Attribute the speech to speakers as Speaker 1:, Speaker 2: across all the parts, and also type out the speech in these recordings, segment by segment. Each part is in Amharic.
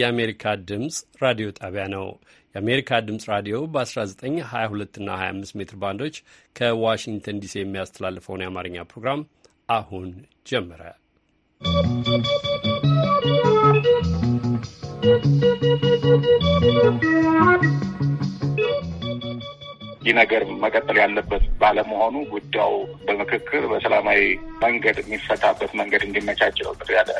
Speaker 1: የአሜሪካ ድምፅ ራዲዮ ጣቢያ ነው። የአሜሪካ ድምፅ ራዲዮ በ1922 እና 25 ሜትር ባንዶች ከዋሽንግተን ዲሲ የሚያስተላልፈውን የአማርኛ ፕሮግራም አሁን ጀመረ።
Speaker 2: ይህ ነገር መቀጠል ያለበት ባለመሆኑ ጉዳዩ በምክክር በሰላማዊ መንገድ የሚፈታበት መንገድ እንዲመቻቸው ያለ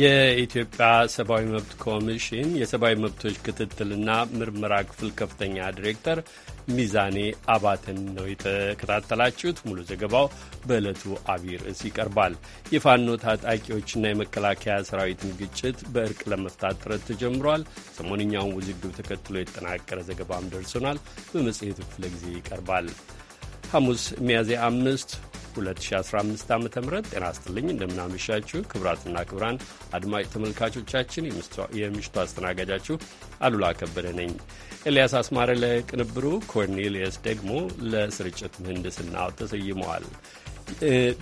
Speaker 1: የኢትዮጵያ ሰብአዊ መብት ኮሚሽን የሰብአዊ መብቶች ክትትልና ምርመራ ክፍል ከፍተኛ ዲሬክተር ሚዛኔ አባተን ነው የተከታተላችሁት። ሙሉ ዘገባው በዕለቱ አቢይ ርዕስ ይቀርባል። የፋኖ ታጣቂዎችና የመከላከያ ሰራዊትን ግጭት በእርቅ ለመፍታት ጥረት ተጀምሯል። ሰሞንኛውን ውዝግብ ተከትሎ የተጠናቀረ ዘገባም ደርሶናል። በመጽሔቱ ክፍለ ጊዜ ይቀርባል። ሐሙስ ሚያዝያ አምስት 2015 ዓ ም ጤና ይስጥልኝ። እንደምናመሻችሁ ክቡራትና ክቡራን አድማጭ ተመልካቾቻችን፣ የምሽቱ አስተናጋጃችሁ አሉላ ከበደ ነኝ። ኤልያስ አስማረ ለቅንብሩ፣ ኮርኔልየስ ደግሞ ለስርጭት ምህንድስናው ተሰይመዋል።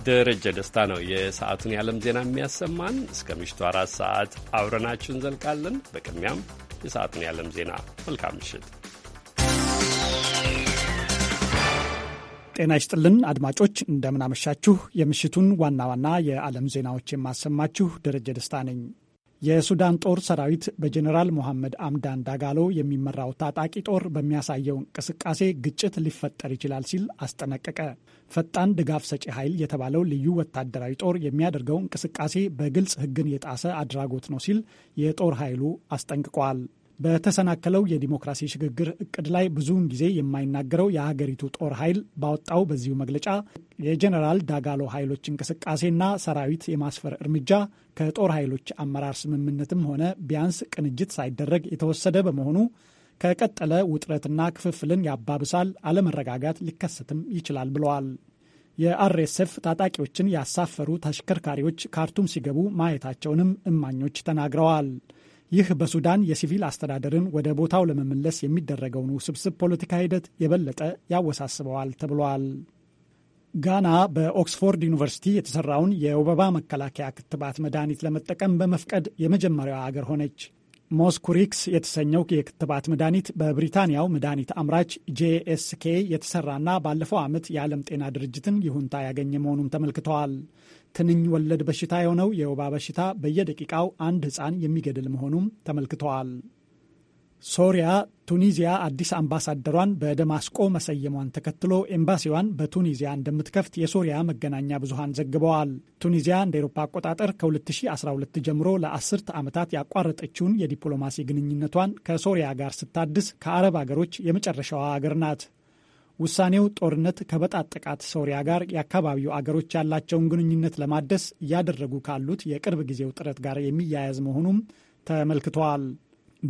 Speaker 1: ደረጀ ደስታ ነው የሰዓቱን የዓለም ዜና የሚያሰማን። እስከ ምሽቱ አራት ሰዓት አብረናችሁ እንዘልቃለን። በቅድሚያም የሰዓቱን የዓለም ዜና። መልካም ምሽት።
Speaker 3: ጤና ይስጥልን አድማጮች፣ እንደምናመሻችሁ። የምሽቱን ዋና ዋና የዓለም ዜናዎች የማሰማችሁ ደረጀ ደስታ ነኝ። የሱዳን ጦር ሰራዊት በጀኔራል ሞሐመድ አምዳን ዳጋሎ የሚመራው ታጣቂ ጦር በሚያሳየው እንቅስቃሴ ግጭት ሊፈጠር ይችላል ሲል አስጠነቀቀ። ፈጣን ድጋፍ ሰጪ ኃይል የተባለው ልዩ ወታደራዊ ጦር የሚያደርገው እንቅስቃሴ በግልጽ ሕግን የጣሰ አድራጎት ነው ሲል የጦር ኃይሉ አስጠንቅቋል። በተሰናከለው የዲሞክራሲ ሽግግር እቅድ ላይ ብዙውን ጊዜ የማይናገረው የሀገሪቱ ጦር ኃይል ባወጣው በዚሁ መግለጫ የጀኔራል ዳጋሎ ኃይሎች እንቅስቃሴና ሰራዊት የማስፈር እርምጃ ከጦር ኃይሎች አመራር ስምምነትም ሆነ ቢያንስ ቅንጅት ሳይደረግ የተወሰደ በመሆኑ ከቀጠለ ውጥረትና ክፍፍልን ያባብሳል፣ አለመረጋጋት ሊከሰትም ይችላል ብለዋል። የአርኤስኤፍ ታጣቂዎችን ያሳፈሩ ተሽከርካሪዎች ካርቱም ሲገቡ ማየታቸውንም እማኞች ተናግረዋል። ይህ በሱዳን የሲቪል አስተዳደርን ወደ ቦታው ለመመለስ የሚደረገውን ውስብስብ ፖለቲካ ሂደት የበለጠ ያወሳስበዋል ተብሏል። ጋና በኦክስፎርድ ዩኒቨርሲቲ የተሰራውን የወባ መከላከያ ክትባት መድኃኒት ለመጠቀም በመፍቀድ የመጀመሪያው አገር ሆነች። ሞስኩሪክስ የተሰኘው የክትባት መድኃኒት በብሪታንያው መድኃኒት አምራች ጄኤስኬ የተሰራና ባለፈው ዓመት የዓለም ጤና ድርጅትን ይሁንታ ያገኘ መሆኑም ተመልክተዋል። ትንኝ ወለድ በሽታ የሆነው የወባ በሽታ በየደቂቃው አንድ ሕፃን የሚገድል መሆኑም ተመልክተዋል። ሶሪያ ቱኒዚያ አዲስ አምባሳደሯን በደማስቆ መሰየሟን ተከትሎ ኤምባሲዋን በቱኒዚያ እንደምትከፍት የሶሪያ መገናኛ ብዙሃን ዘግበዋል። ቱኒዚያ እንደ ኤሮፓ አቆጣጠር ከ2012 ጀምሮ ለአስርት ዓመታት ያቋረጠችውን የዲፕሎማሲ ግንኙነቷን ከሶሪያ ጋር ስታድስ ከአረብ አገሮች የመጨረሻዋ አገር ናት። ውሳኔው ጦርነት ከበጣጠቃት ሶሪያ ጋር የአካባቢው አገሮች ያላቸውን ግንኙነት ለማደስ እያደረጉ ካሉት የቅርብ ጊዜው ጥረት ጋር የሚያያዝ መሆኑም ተመልክተዋል።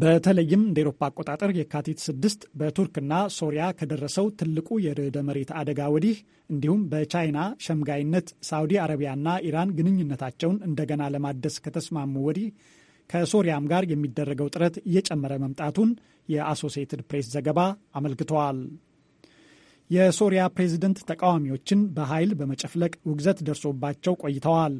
Speaker 3: በተለይም እንደ ኤሮፓ አቆጣጠር የካቲት ስድስት በቱርክና ሶሪያ ከደረሰው ትልቁ የርዕደ መሬት አደጋ ወዲህ እንዲሁም በቻይና ሸምጋይነት ሳውዲ አረቢያና ኢራን ግንኙነታቸውን እንደገና ለማደስ ከተስማሙ ወዲህ ከሶሪያም ጋር የሚደረገው ጥረት እየጨመረ መምጣቱን የአሶሲየትድ ፕሬስ ዘገባ አመልክተዋል። የሶሪያ ፕሬዝደንት ተቃዋሚዎችን በኃይል በመጨፍለቅ ውግዘት ደርሶባቸው ቆይተዋል።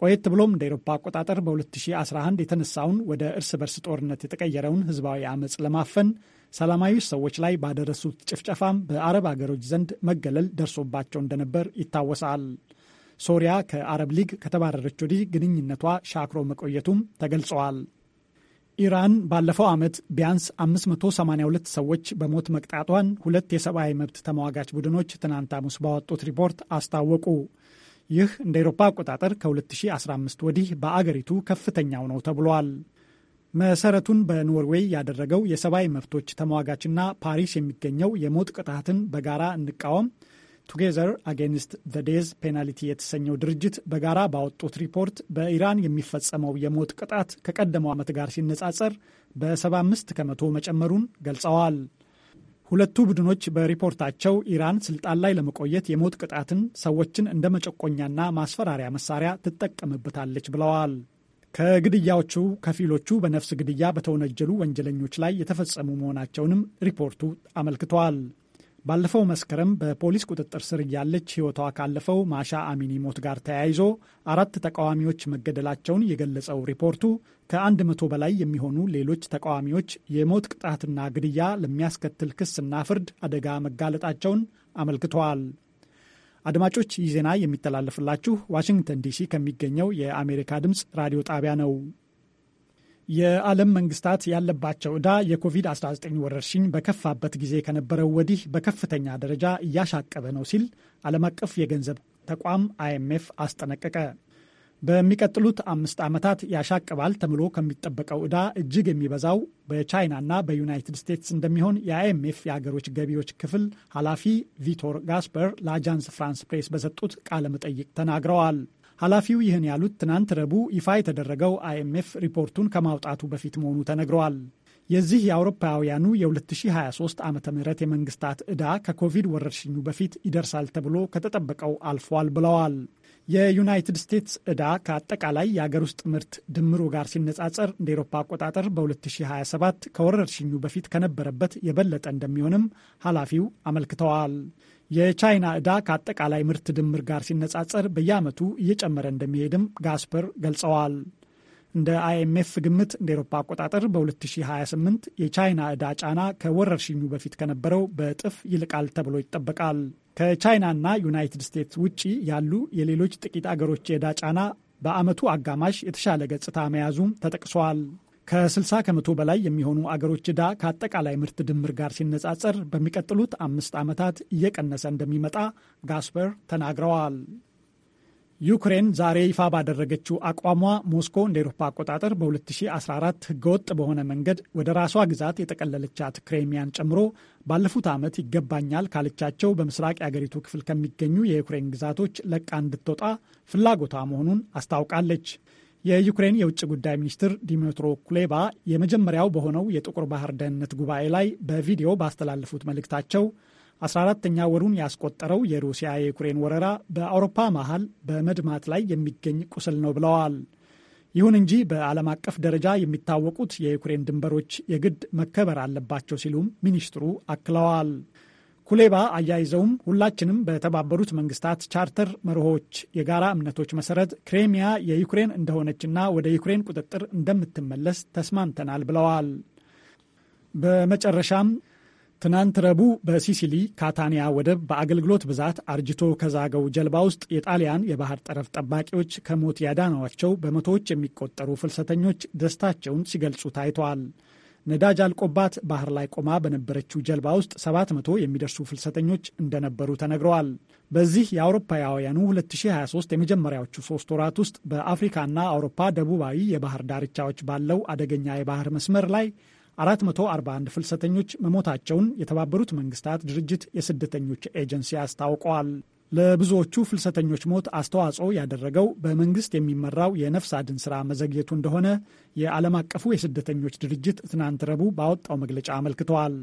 Speaker 3: ቆየት ብሎም እንደ ኤሮፓ አቆጣጠር በ2011 የተነሳውን ወደ እርስ በርስ ጦርነት የተቀየረውን ህዝባዊ አመፅ ለማፈን ሰላማዊ ሰዎች ላይ ባደረሱት ጭፍጨፋም በአረብ አገሮች ዘንድ መገለል ደርሶባቸው እንደነበር ይታወሳል። ሶሪያ ከአረብ ሊግ ከተባረረች ወዲህ ግንኙነቷ ሻክሮ መቆየቱም ተገልጸዋል። ኢራን ባለፈው ዓመት ቢያንስ 582 ሰዎች በሞት መቅጣቷን ሁለት የሰብአዊ መብት ተሟጋች ቡድኖች ትናንት ሐሙስ ባወጡት ሪፖርት አስታወቁ። ይህ እንደ ኤሮፓ አቆጣጠር ከ2015 ወዲህ በአገሪቱ ከፍተኛው ነው ተብሏል። መሰረቱን በኖርዌይ ያደረገው የሰብአዊ መብቶች ተሟጋችና ፓሪስ የሚገኘው የሞት ቅጣትን በጋራ እንቃወም ቱጌዘር አጌንስት ዘ ዴዝ ፔናልቲ የተሰኘው ድርጅት በጋራ ባወጡት ሪፖርት በኢራን የሚፈጸመው የሞት ቅጣት ከቀደመው ዓመት ጋር ሲነጻጸር በ75 ከመቶ መጨመሩን ገልጸዋል። ሁለቱ ቡድኖች በሪፖርታቸው ኢራን ስልጣን ላይ ለመቆየት የሞት ቅጣትን ሰዎችን እንደ መጨቆኛና ማስፈራሪያ መሳሪያ ትጠቀምበታለች ብለዋል። ከግድያዎቹ ከፊሎቹ በነፍስ ግድያ በተወነጀሉ ወንጀለኞች ላይ የተፈጸሙ መሆናቸውንም ሪፖርቱ አመልክቷል። ባለፈው መስከረም በፖሊስ ቁጥጥር ስር እያለች ሕይወቷ ካለፈው ማሻ አሚኒ ሞት ጋር ተያይዞ አራት ተቃዋሚዎች መገደላቸውን የገለጸው ሪፖርቱ ከአንድ መቶ በላይ የሚሆኑ ሌሎች ተቃዋሚዎች የሞት ቅጣትና ግድያ ለሚያስከትል ክስና ፍርድ አደጋ መጋለጣቸውን አመልክተዋል። አድማጮች ይህ ዜና የሚተላለፍላችሁ ዋሽንግተን ዲሲ ከሚገኘው የአሜሪካ ድምፅ ራዲዮ ጣቢያ ነው። የዓለም መንግስታት ያለባቸው ዕዳ የኮቪድ-19 ወረርሽኝ በከፋበት ጊዜ ከነበረው ወዲህ በከፍተኛ ደረጃ እያሻቀበ ነው ሲል ዓለም አቀፍ የገንዘብ ተቋም አይኤምኤፍ አስጠነቀቀ። በሚቀጥሉት አምስት ዓመታት ያሻቅባል ተብሎ ከሚጠበቀው ዕዳ እጅግ የሚበዛው በቻይናና በዩናይትድ ስቴትስ እንደሚሆን የአይኤምኤፍ የአገሮች ገቢዎች ክፍል ኃላፊ ቪቶር ጋስፐር ለአጃንስ ፍራንስ ፕሬስ በሰጡት ቃለ መጠይቅ ተናግረዋል። ኃላፊው ይህን ያሉት ትናንት ረቡዕ ይፋ የተደረገው አይኤምኤፍ ሪፖርቱን ከማውጣቱ በፊት መሆኑ ተነግረዋል። የዚህ የአውሮፓውያኑ የ2023 ዓ ም የመንግስታት ዕዳ ከኮቪድ ወረርሽኙ በፊት ይደርሳል ተብሎ ከተጠበቀው አልፏል ብለዋል። የዩናይትድ ስቴትስ ዕዳ ከአጠቃላይ የአገር ውስጥ ምርት ድምሩ ጋር ሲነጻጸር እንደ ኤሮፓ አቆጣጠር በ2027 ከወረርሽኙ በፊት ከነበረበት የበለጠ እንደሚሆንም ኃላፊው አመልክተዋል። የቻይና ዕዳ ከአጠቃላይ ምርት ድምር ጋር ሲነጻጸር በየዓመቱ እየጨመረ እንደሚሄድም ጋስፐር ገልጸዋል። እንደ አይኤምኤፍ ግምት እንደ ኤሮፓ አቆጣጠር በ2028 የቻይና ዕዳ ጫና ከወረርሽኙ በፊት ከነበረው በእጥፍ ይልቃል ተብሎ ይጠበቃል። ከቻይናና ዩናይትድ ስቴትስ ውጪ ያሉ የሌሎች ጥቂት አገሮች የዕዳ ጫና በዓመቱ አጋማሽ የተሻለ ገጽታ መያዙም ተጠቅሷል። ከ60 ከመቶ በላይ የሚሆኑ አገሮች ዕዳ ከአጠቃላይ ምርት ድምር ጋር ሲነጻጸር በሚቀጥሉት አምስት ዓመታት እየቀነሰ እንደሚመጣ ጋስፐር ተናግረዋል። ዩክሬን ዛሬ ይፋ ባደረገችው አቋሟ ሞስኮ እንደ ኤሮፓ አቆጣጠር በ2014 ህገወጥ በሆነ መንገድ ወደ ራሷ ግዛት የጠቀለለቻት ክሬሚያን ጨምሮ ባለፉት ዓመት ይገባኛል ካለቻቸው በምስራቅ የአገሪቱ ክፍል ከሚገኙ የዩክሬን ግዛቶች ለቃ እንድትወጣ ፍላጎቷ መሆኑን አስታውቃለች። የዩክሬን የውጭ ጉዳይ ሚኒስትር ዲሚትሮ ኩሌባ የመጀመሪያው በሆነው የጥቁር ባህር ደህንነት ጉባኤ ላይ በቪዲዮ ባስተላለፉት መልእክታቸው 14ተኛ ወሩን ያስቆጠረው የሩሲያ የዩክሬን ወረራ በአውሮፓ መሀል በመድማት ላይ የሚገኝ ቁስል ነው ብለዋል። ይሁን እንጂ በዓለም አቀፍ ደረጃ የሚታወቁት የዩክሬን ድንበሮች የግድ መከበር አለባቸው ሲሉም ሚኒስትሩ አክለዋል። ኩሌባ አያይዘውም ሁላችንም በተባበሩት መንግስታት ቻርተር መርሆች የጋራ እምነቶች መሰረት ክሬሚያ የዩክሬን እንደሆነችና ወደ ዩክሬን ቁጥጥር እንደምትመለስ ተስማምተናል ብለዋል። በመጨረሻም ትናንት ረቡዕ በሲሲሊ ካታኒያ ወደብ በአገልግሎት ብዛት አርጅቶ ከዛገው ጀልባ ውስጥ የጣሊያን የባህር ጠረፍ ጠባቂዎች ከሞት ያዳኗቸው በመቶዎች የሚቆጠሩ ፍልሰተኞች ደስታቸውን ሲገልጹ ታይተዋል። ነዳጅ አልቆባት ባህር ላይ ቆማ በነበረችው ጀልባ ውስጥ 700 የሚደርሱ ፍልሰተኞች እንደነበሩ ተነግረዋል። በዚህ የአውሮፓውያኑ 2023 የመጀመሪያዎቹ ሶስት ወራት ውስጥ በአፍሪካና አውሮፓ ደቡባዊ የባህር ዳርቻዎች ባለው አደገኛ የባህር መስመር ላይ 441 ፍልሰተኞች መሞታቸውን የተባበሩት መንግስታት ድርጅት የስደተኞች ኤጀንሲ አስታውቀዋል። ለብዙዎቹ ፍልሰተኞች ሞት አስተዋጽኦ ያደረገው በመንግስት የሚመራው የነፍስ አድን ስራ መዘግየቱ እንደሆነ የዓለም አቀፉ የስደተኞች ድርጅት ትናንት ረቡዕ ባወጣው መግለጫ አመልክተዋል።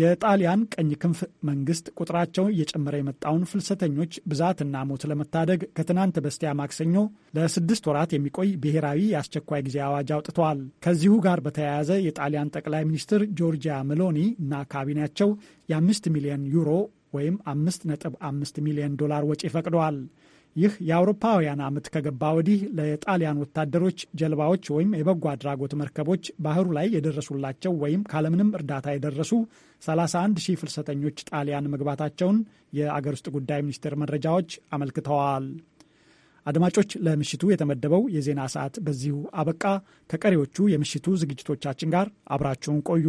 Speaker 3: የጣሊያን ቀኝ ክንፍ መንግስት ቁጥራቸው እየጨመረ የመጣውን ፍልሰተኞች ብዛትና ሞት ለመታደግ ከትናንት በስቲያ ማክሰኞ ለስድስት ወራት የሚቆይ ብሔራዊ የአስቸኳይ ጊዜ አዋጅ አውጥተዋል። ከዚሁ ጋር በተያያዘ የጣሊያን ጠቅላይ ሚኒስትር ጆርጂያ ሜሎኒ እና ካቢኔያቸው የአምስት ሚሊዮን ዩሮ ወይም 5.5 ሚሊዮን ዶላር ወጪ ፈቅደዋል። ይህ የአውሮፓውያን ዓመት ከገባ ወዲህ ለጣሊያን ወታደሮች ጀልባዎች ወይም የበጎ አድራጎት መርከቦች ባህሩ ላይ የደረሱላቸው ወይም ካለምንም እርዳታ የደረሱ 31 ሺህ ፍልሰተኞች ጣሊያን መግባታቸውን የአገር ውስጥ ጉዳይ ሚኒስቴር መረጃዎች አመልክተዋል። አድማጮች፣ ለምሽቱ የተመደበው የዜና ሰዓት በዚሁ አበቃ። ከቀሪዎቹ የምሽቱ ዝግጅቶቻችን ጋር አብራችሁን ቆዩ።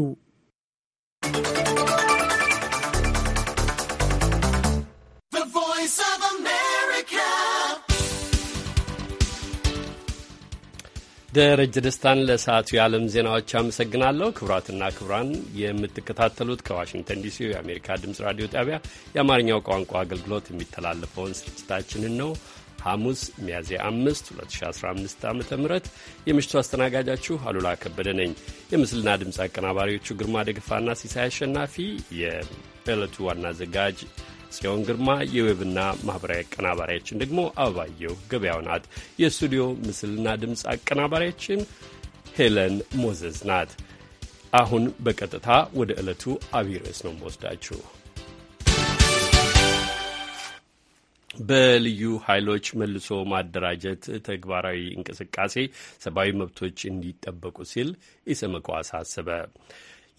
Speaker 1: ደረጀ ደስታን ለሰዓቱ የዓለም ዜናዎች አመሰግናለሁ። ክቡራትና ክቡራን የምትከታተሉት ከዋሽንግተን ዲሲ የአሜሪካ ድምፅ ራዲዮ ጣቢያ የአማርኛው ቋንቋ አገልግሎት የሚተላለፈውን ስርጭታችንን ነው። ሐሙስ ሚያዝያ 5 2015 ዓ ም የምሽቱ አስተናጋጃችሁ አሉላ ከበደ ነኝ። የምስልና ድምፅ አቀናባሪዎቹ ግርማ ደግፋና ሲሳይ አሸናፊ፣ የዕለቱ ዋና አዘጋጅ ጽዮን ግርማ፣ የዌብና ማኅበራዊ አቀናባሪያችን ደግሞ አበባየሁ ገበያው ናት። የስቱዲዮ ምስልና ድምፅ አቀናባሪያችን ሄለን ሞዘዝ ናት። አሁን በቀጥታ ወደ ዕለቱ አብይ ርዕስ ነው መወስዳችሁ። በልዩ ኃይሎች መልሶ ማደራጀት ተግባራዊ እንቅስቃሴ ሰብአዊ መብቶች እንዲጠበቁ ሲል ኢሰመኮ አሳሰበ።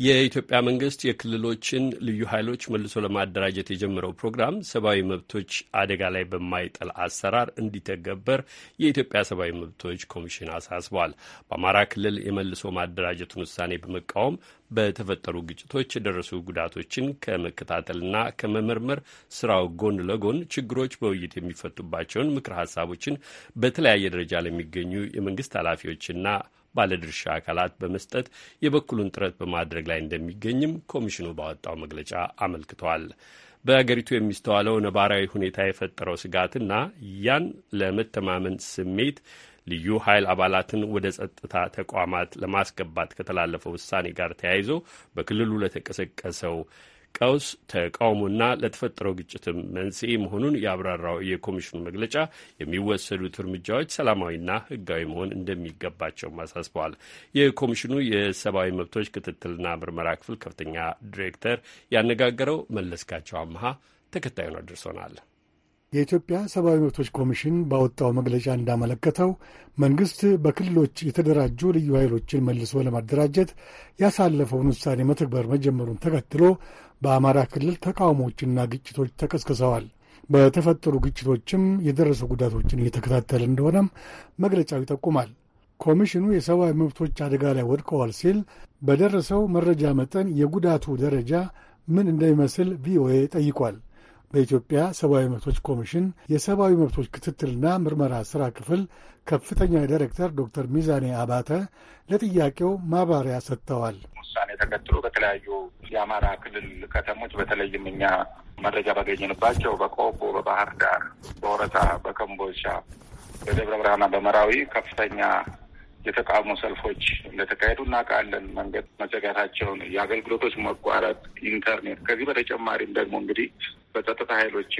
Speaker 1: የኢትዮጵያ መንግስት የክልሎችን ልዩ ኃይሎች መልሶ ለማደራጀት የጀመረው ፕሮግራም ሰብአዊ መብቶች አደጋ ላይ በማይጥል አሰራር እንዲተገበር የኢትዮጵያ ሰብአዊ መብቶች ኮሚሽን አሳስቧል። በአማራ ክልል የመልሶ ማደራጀቱን ውሳኔ በመቃወም በተፈጠሩ ግጭቶች የደረሱ ጉዳቶችን ከመከታተልና ከመመርመር ስራው ጎን ለጎን ችግሮች በውይይት የሚፈቱባቸውን ምክር ሀሳቦችን በተለያየ ደረጃ ለሚገኙ የመንግስት ኃላፊዎችና ባለድርሻ አካላት በመስጠት የበኩሉን ጥረት በማድረግ ላይ እንደሚገኝም ኮሚሽኑ ባወጣው መግለጫ አመልክቷል። በአገሪቱ የሚስተዋለው ነባራዊ ሁኔታ የፈጠረው ስጋትና ያን ለመተማመን ስሜት ልዩ ኃይል አባላትን ወደ ጸጥታ ተቋማት ለማስገባት ከተላለፈው ውሳኔ ጋር ተያይዞ በክልሉ ለተቀሰቀሰው ቀውስ ተቃውሞና ለተፈጠረው ግጭትም መንስኤ መሆኑን ያብራራው የኮሚሽኑ መግለጫ የሚወሰዱት እርምጃዎች ሰላማዊና ሕጋዊ መሆን እንደሚገባቸውም አሳስበዋል። የኮሚሽኑ የሰብአዊ መብቶች ክትትልና ምርመራ ክፍል ከፍተኛ ዲሬክተር ያነጋገረው መለስካቸው አመሃ ተከታዩን አድርሶናል።
Speaker 4: የኢትዮጵያ ሰብአዊ መብቶች ኮሚሽን ባወጣው መግለጫ እንዳመለከተው መንግሥት በክልሎች የተደራጁ ልዩ ኃይሎችን መልሶ ለማደራጀት ያሳለፈውን ውሳኔ መተግበር መጀመሩን ተከትሎ በአማራ ክልል ተቃውሞዎችና ግጭቶች ተቀስቅሰዋል። በተፈጠሩ ግጭቶችም የደረሱ ጉዳቶችን እየተከታተለ እንደሆነም መግለጫው ይጠቁማል። ኮሚሽኑ የሰብአዊ መብቶች አደጋ ላይ ወድቀዋል ሲል በደረሰው መረጃ መጠን የጉዳቱ ደረጃ ምን እንደሚመስል ቪኦኤ ጠይቋል። በኢትዮጵያ ሰብአዊ መብቶች ኮሚሽን የሰብአዊ መብቶች ክትትልና ምርመራ ሥራ ክፍል ከፍተኛ ዳይሬክተር ዶክተር ሚዛኔ አባተ ለጥያቄው ማብራሪያ ሰጥተዋል። ውሳኔ
Speaker 2: ተከትሎ በተለያዩ የአማራ ክልል ከተሞች በተለይም እኛ መረጃ ባገኘንባቸው በቆቦ፣ በባህር ዳር፣ በወረታ፣ በከምቦሻ፣ በደብረ ብርሃንና በመራዊ ከፍተኛ የተቃውሞ ሰልፎች እንደተካሄዱ እናውቃለን። መንገድ መዘጋታቸውን፣ የአገልግሎቶች መቋረጥ፣ ኢንተርኔት ከዚህ በተጨማሪም ደግሞ እንግዲህ በጸጥታ ኃይሎች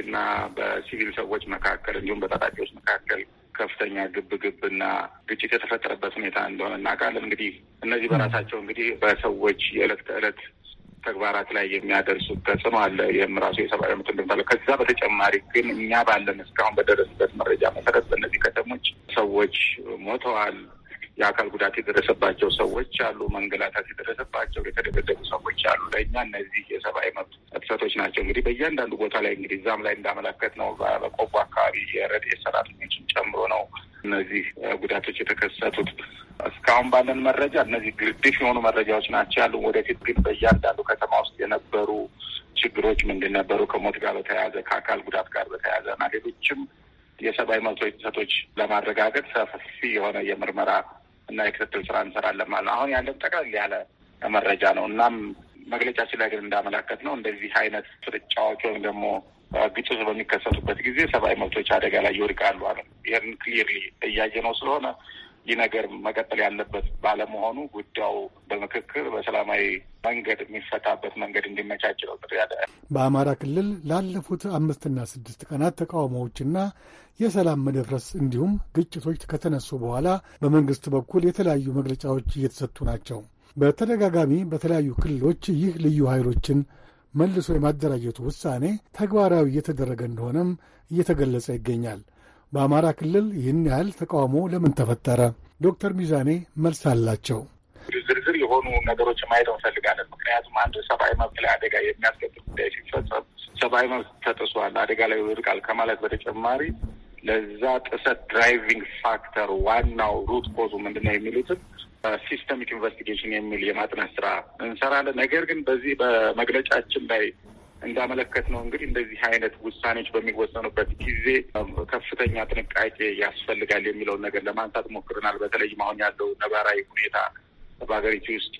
Speaker 2: በሲቪል ሰዎች መካከል እንዲሁም በታጣቂዎች መካከል ከፍተኛ ግብ እና ግጭት የተፈጠረበት ሁኔታ እንደሆነ እናውቃለን። እንግዲህ እነዚህ በራሳቸው እንግዲህ በሰዎች የዕለት ከዕለት ተግባራት ላይ የሚያደርሱት ተጽዕኖ አለ። ይህም ራሱ የሰብአዊ መብት እንደምታለ ከዛ በተጨማሪ ግን እኛ ባለን እስካሁን በደረስበት መረጃ መሰረት በእነዚህ ከተሞች ሰዎች ሞተዋል። የአካል ጉዳት የደረሰባቸው ሰዎች አሉ፣ መንገላታት የደረሰባቸው የተደበደቡ ሰዎች አሉ። ለእኛ እነዚህ የሰብአዊ መብት ጥሰቶች ናቸው። እንግዲህ በእያንዳንዱ ቦታ ላይ እንግዲህ እዛም ላይ እንዳመለከት ነው በቆቦ አካባቢ የረድኤት ሰራተኞችን ጨምሮ ነው እነዚህ ጉዳቶች የተከሰቱት። እስካሁን ባለን መረጃ እነዚህ ግርድፍ የሆኑ መረጃዎች ናቸው ያሉ። ወደፊት ግን በእያንዳንዱ ከተማ ውስጥ የነበሩ ችግሮች ምንድን ነበሩ? ከሞት ጋር በተያያዘ ከአካል ጉዳት ጋር በተያያዘ እና ሌሎችም የሰብአዊ መብቶች ጥሰቶች ለማረጋገጥ ሰፊ የሆነ የምርመራ እና የክትትል ስራ እንሰራለን ማለት ነው። አሁን ያለን ጠቅለል ያለ መረጃ ነው። እናም መግለጫችን ላይ ግን እንዳመላከት ነው እንደዚህ አይነት ፍርጫዎች ወይም ደግሞ ግጭቶች በሚከሰቱበት ጊዜ ሰብአዊ መብቶች አደጋ ላይ ይወድቃሉ አለ። ይህን ክሊርሊ እያየ ነው ስለሆነ ይህ ነገር መቀጠል ያለበት ባለመሆኑ ጉዳዩ በምክክር
Speaker 4: በሰላማዊ መንገድ የሚፈታበት መንገድ እንዲመቻች ነው ጥሪ ያለ። በአማራ ክልል ላለፉት አምስትና ስድስት ቀናት ተቃውሞዎችና የሰላም መደፍረስ እንዲሁም ግጭቶች ከተነሱ በኋላ በመንግስት በኩል የተለያዩ መግለጫዎች እየተሰጡ ናቸው። በተደጋጋሚ በተለያዩ ክልሎች ይህ ልዩ ኃይሎችን መልሶ የማደራጀቱ ውሳኔ ተግባራዊ እየተደረገ እንደሆነም እየተገለጸ ይገኛል። በአማራ ክልል ይህን ያህል ተቃውሞ ለምን ተፈጠረ? ዶክተር ሚዛኔ መልስ አላቸው።
Speaker 2: ዝርዝር የሆኑ ነገሮች ማየት እንፈልጋለን። ምክንያቱም አንድ ሰብአዊ መብት ላይ አደጋ የሚያስከትል ጉዳይ ሲፈጸም ሰብአዊ መብት ተጥሷል፣ አደጋ ላይ ወድቋል ከማለት በተጨማሪ ለዛ ጥሰት ድራይቪንግ ፋክተር ዋናው ሩት ኮዙ ምንድነው የሚሉትን ሲስተሚክ ኢንቨስቲጌሽን የሚል የማጥናት ስራ እንሰራለን። ነገር ግን በዚህ በመግለጫችን ላይ እንዳመለከት ነው እንግዲህ እንደዚህ አይነት ውሳኔዎች በሚወሰኑበት ጊዜ ከፍተኛ ጥንቃቄ ያስፈልጋል የሚለውን ነገር ለማንሳት ሞክርናል በተለይም አሁን ያለው ነባራዊ ሁኔታ በሀገሪቱ ውስጥ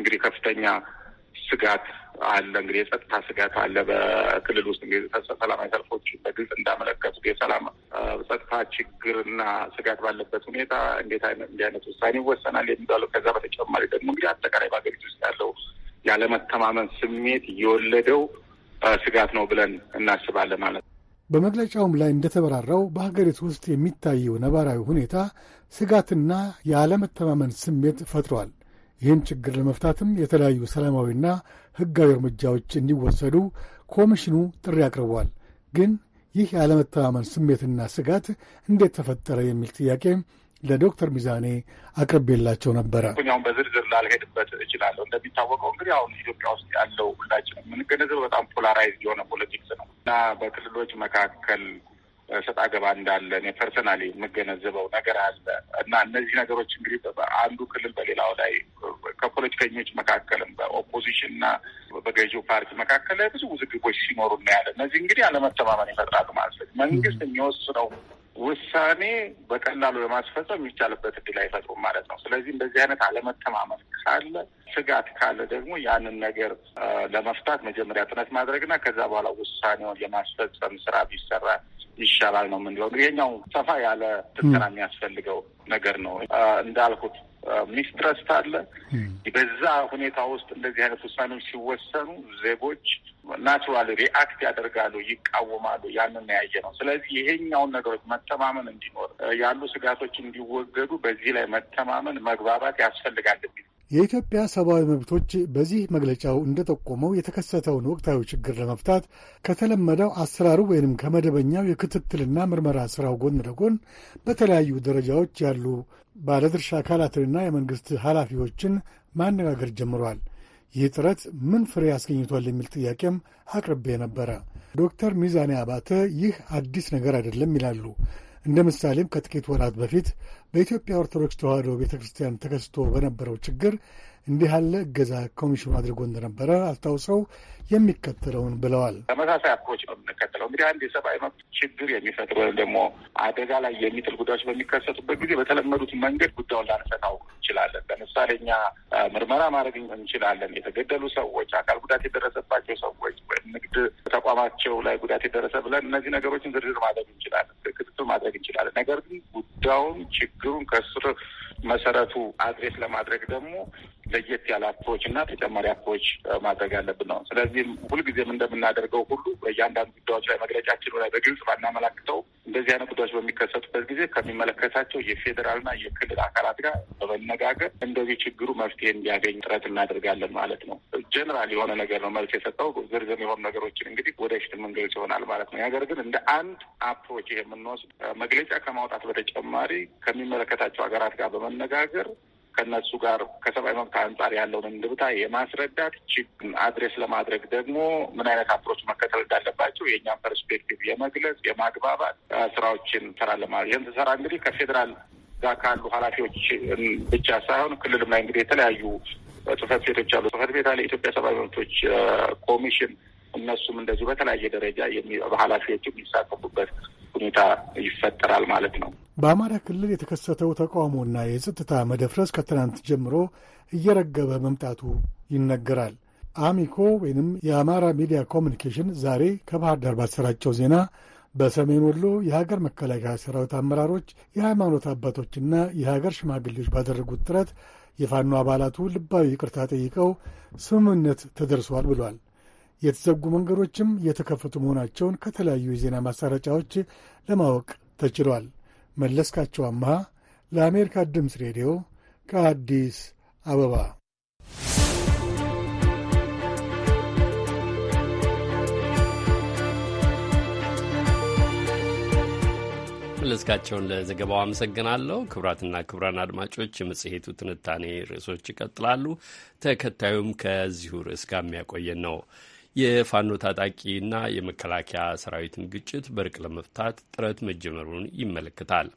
Speaker 2: እንግዲህ ከፍተኛ ስጋት አለ። እንግዲህ የጸጥታ ስጋት አለ። በክልል ውስጥ እንግዲህ ሰላማዊ ሰልፎች በግልጽ እንዳመለከቱ የሰላም ጸጥታ ችግርና ስጋት ባለበት ሁኔታ እንዴት እንዲህ አይነት ውሳኔ ይወሰናል የሚባለው ከዛ በተጨማሪ ደግሞ እንግዲህ አጠቃላይ በሀገሪቱ ውስጥ ያለው ያለመተማመን ስሜት እየወለደው ስጋት ነው ብለን እናስባለን ማለት ነው።
Speaker 4: በመግለጫውም ላይ እንደተበራራው በሀገሪቱ ውስጥ የሚታየው ነባራዊ ሁኔታ ስጋትና የአለመተማመን ስሜት ፈጥሯል። ይህን ችግር ለመፍታትም የተለያዩ ሰላማዊና ሕጋዊ እርምጃዎች እንዲወሰዱ ኮሚሽኑ ጥሪ አቅርቧል። ግን ይህ የአለመተማመን ስሜትና ስጋት እንዴት ተፈጠረ የሚል ጥያቄ ለዶክተር ሚዛኔ አቅርቤላቸው ነበረ።
Speaker 2: ሁኛውን በዝርዝር ላልሄድበት እችላለሁ። እንደሚታወቀው እንግዲህ አሁን ኢትዮጵያ ውስጥ ያለው ሁላችን የምንገነዘብ በጣም ፖላራይዝ የሆነ ፖለቲክስ ነው እና በክልሎች መካከል ሰጣ ገባ እንዳለ እኔ ፐርሰናሊ የምገነዘበው ነገር አለ እና እነዚህ ነገሮች እንግዲህ አንዱ ክልል በሌላው ላይ ከፖለቲከኞች መካከልም በኦፖዚሽን እና በገዢው ፓርቲ መካከል ላይ ብዙ ውዝግቦች ሲኖሩ እናያለን። እነዚህ እንግዲህ አለመተማመን ይፈጥራል ማለት ነው። መንግስት የሚወስነው ውሳኔ በቀላሉ ለማስፈጸም የሚቻልበት እድል አይፈጥሩም ማለት ነው። ስለዚህ እንደዚህ አይነት አለመተማመን ካለ፣ ስጋት ካለ ደግሞ ያንን ነገር ለመፍታት መጀመሪያ ጥነት ማድረግና ከዛ በኋላ ውሳኔውን የማስፈጸም ስራ ቢሰራ ይሻላል ነው የምንለው። ይሄኛው ሰፋ ያለ ትንተና የሚያስፈልገው ነገር ነው እንዳልኩት ሚስትረስት አለ። በዛ ሁኔታ ውስጥ እንደዚህ አይነት ውሳኔዎች ሲወሰኑ ዜጎች ናቹራል ሪአክት ያደርጋሉ፣ ይቃወማሉ። ያንን ያየ ነው። ስለዚህ ይሄኛውን ነገሮች መተማመን እንዲኖር ያሉ ስጋቶች እንዲወገዱ በዚህ ላይ መተማመን፣ መግባባት ያስፈልጋል የሚል
Speaker 4: የኢትዮጵያ ሰብአዊ መብቶች በዚህ መግለጫው እንደጠቆመው የተከሰተውን ወቅታዊ ችግር ለመፍታት ከተለመደው አሰራሩ ወይንም ከመደበኛው የክትትልና ምርመራ ስራው ጎን ለጎን በተለያዩ ደረጃዎች ያሉ ባለድርሻ አካላትንና የመንግሥት ኃላፊዎችን ማነጋገር ጀምሯል። ይህ ጥረት ምን ፍሬ አስገኝቷል? የሚል ጥያቄም አቅርቤ ነበረ። ዶክተር ሚዛኔ አባተ ይህ አዲስ ነገር አይደለም ይላሉ። እንደ ምሳሌም ከጥቂት ወራት በፊት በኢትዮጵያ ኦርቶዶክስ ተዋሕዶ ቤተ ክርስቲያን ተከስቶ በነበረው ችግር እንዲህ ያለ እገዛ ኮሚሽኑ አድርጎ እንደነበረ አስታውሰው የሚከተለውን ብለዋል።
Speaker 2: ተመሳሳይ አፕሮች ነው የምንከተለው። እንግዲህ አንድ የሰብአዊ መብት ችግር የሚፈጥር ወይም ደግሞ አደጋ ላይ የሚጥል ጉዳዮች በሚከሰቱበት ጊዜ በተለመዱት መንገድ ጉዳዩን ላንፈታው እንችላለን። ለምሳሌ እኛ ምርመራ ማድረግ እንችላለን። የተገደሉ ሰዎች፣ አካል ጉዳት የደረሰባቸው ሰዎች ወይም ንግድ ተቋማቸው ላይ ጉዳት የደረሰ ብለን እነዚህ ነገሮችን ዝርዝር ማድረግ እንችላለን፣ ክትትል ማድረግ እንችላለን። ነገር ግን ጉዳዩን ችግሩን ከስር መሰረቱ አድሬስ ለማድረግ ደግሞ ለየት ያለ አፕሮች እና ተጨማሪ አፕሮች ማድረግ ያለብን ነው ስለዚህ በዚህም ሁልጊዜም እንደምናደርገው ሁሉ በእያንዳንዱ ጉዳዮች ላይ መግለጫችን ላይ በግልጽ ባናመላክተው እንደዚህ አይነት ጉዳዮች በሚከሰቱበት ጊዜ ከሚመለከታቸው የፌዴራልና የክልል አካላት ጋር በመነጋገር እንደዚህ ችግሩ መፍትሄ እንዲያገኝ ጥረት እናደርጋለን ማለት ነው። ጀነራል የሆነ ነገር ነው መልስ የሰጠው። ዝርዝር የሆኑ ነገሮችን እንግዲህ ወደፊት የምንገልጽ ይሆናል ማለት ነው። ነገር ግን እንደ አንድ አፕሮች የምንወስድ መግለጫ ከማውጣት በተጨማሪ ከሚመለከታቸው ሀገራት ጋር በመነጋገር ከነሱ ጋር ከሰብአዊ መብት አንጻር ያለውን እንድብታ የማስረዳት ችግር አድሬስ ለማድረግ ደግሞ ምን አይነት አፕሮች መከተል እንዳለባቸው የእኛም ፐርስፔክቲቭ የመግለጽ የማግባባት ስራዎችን እንሰራለን ማለት ይህን ስራ እንግዲህ ከፌዴራል ጋር ካሉ ኃላፊዎች ብቻ ሳይሆን ክልልም ላይ እንግዲህ የተለያዩ ጽህፈት ቤቶች አሉ። ጽህፈት ቤት አለ። የኢትዮጵያ ሰብአዊ መብቶች ኮሚሽን እነሱም እንደዚሁ በተለያየ ደረጃ በኃላፊዎች የሚሳተፉበት ሁኔታ ይፈጠራል ማለት ነው።
Speaker 4: በአማራ ክልል የተከሰተው ተቃውሞና የጸጥታ መደፍረስ ከትናንት ጀምሮ እየረገበ መምጣቱ ይነገራል። አሚኮ ወይም የአማራ ሚዲያ ኮሚኒኬሽን ዛሬ ከባህር ዳር ባሰራጨው ዜና በሰሜን ወሎ የሀገር መከላከያ ሰራዊት አመራሮች፣ የሃይማኖት አባቶችና የሀገር ሽማግሌዎች ባደረጉት ጥረት የፋኖ አባላቱ ልባዊ ይቅርታ ጠይቀው ስምምነት ተደርሷል ብሏል። የተዘጉ መንገዶችም የተከፈቱ መሆናቸውን ከተለያዩ የዜና ማሰራጫዎች ለማወቅ ተችሏል። መለስካቸው አምሃ ለአሜሪካ ድምፅ ሬዲዮ ከአዲስ አበባ
Speaker 1: መለስካቸውን ለዘገባው አመሰግናለሁ። ክቡራትና ክቡራን አድማጮች የመጽሔቱ ትንታኔ ርዕሶች ይቀጥላሉ። ተከታዩም ከዚሁ ርዕስ ጋር የሚያቆየን ነው። የፋኖ ታጣቂና የመከላከያ ሰራዊትን ግጭት በእርቅ ለመፍታት ጥረት መጀመሩን ይመለከታል።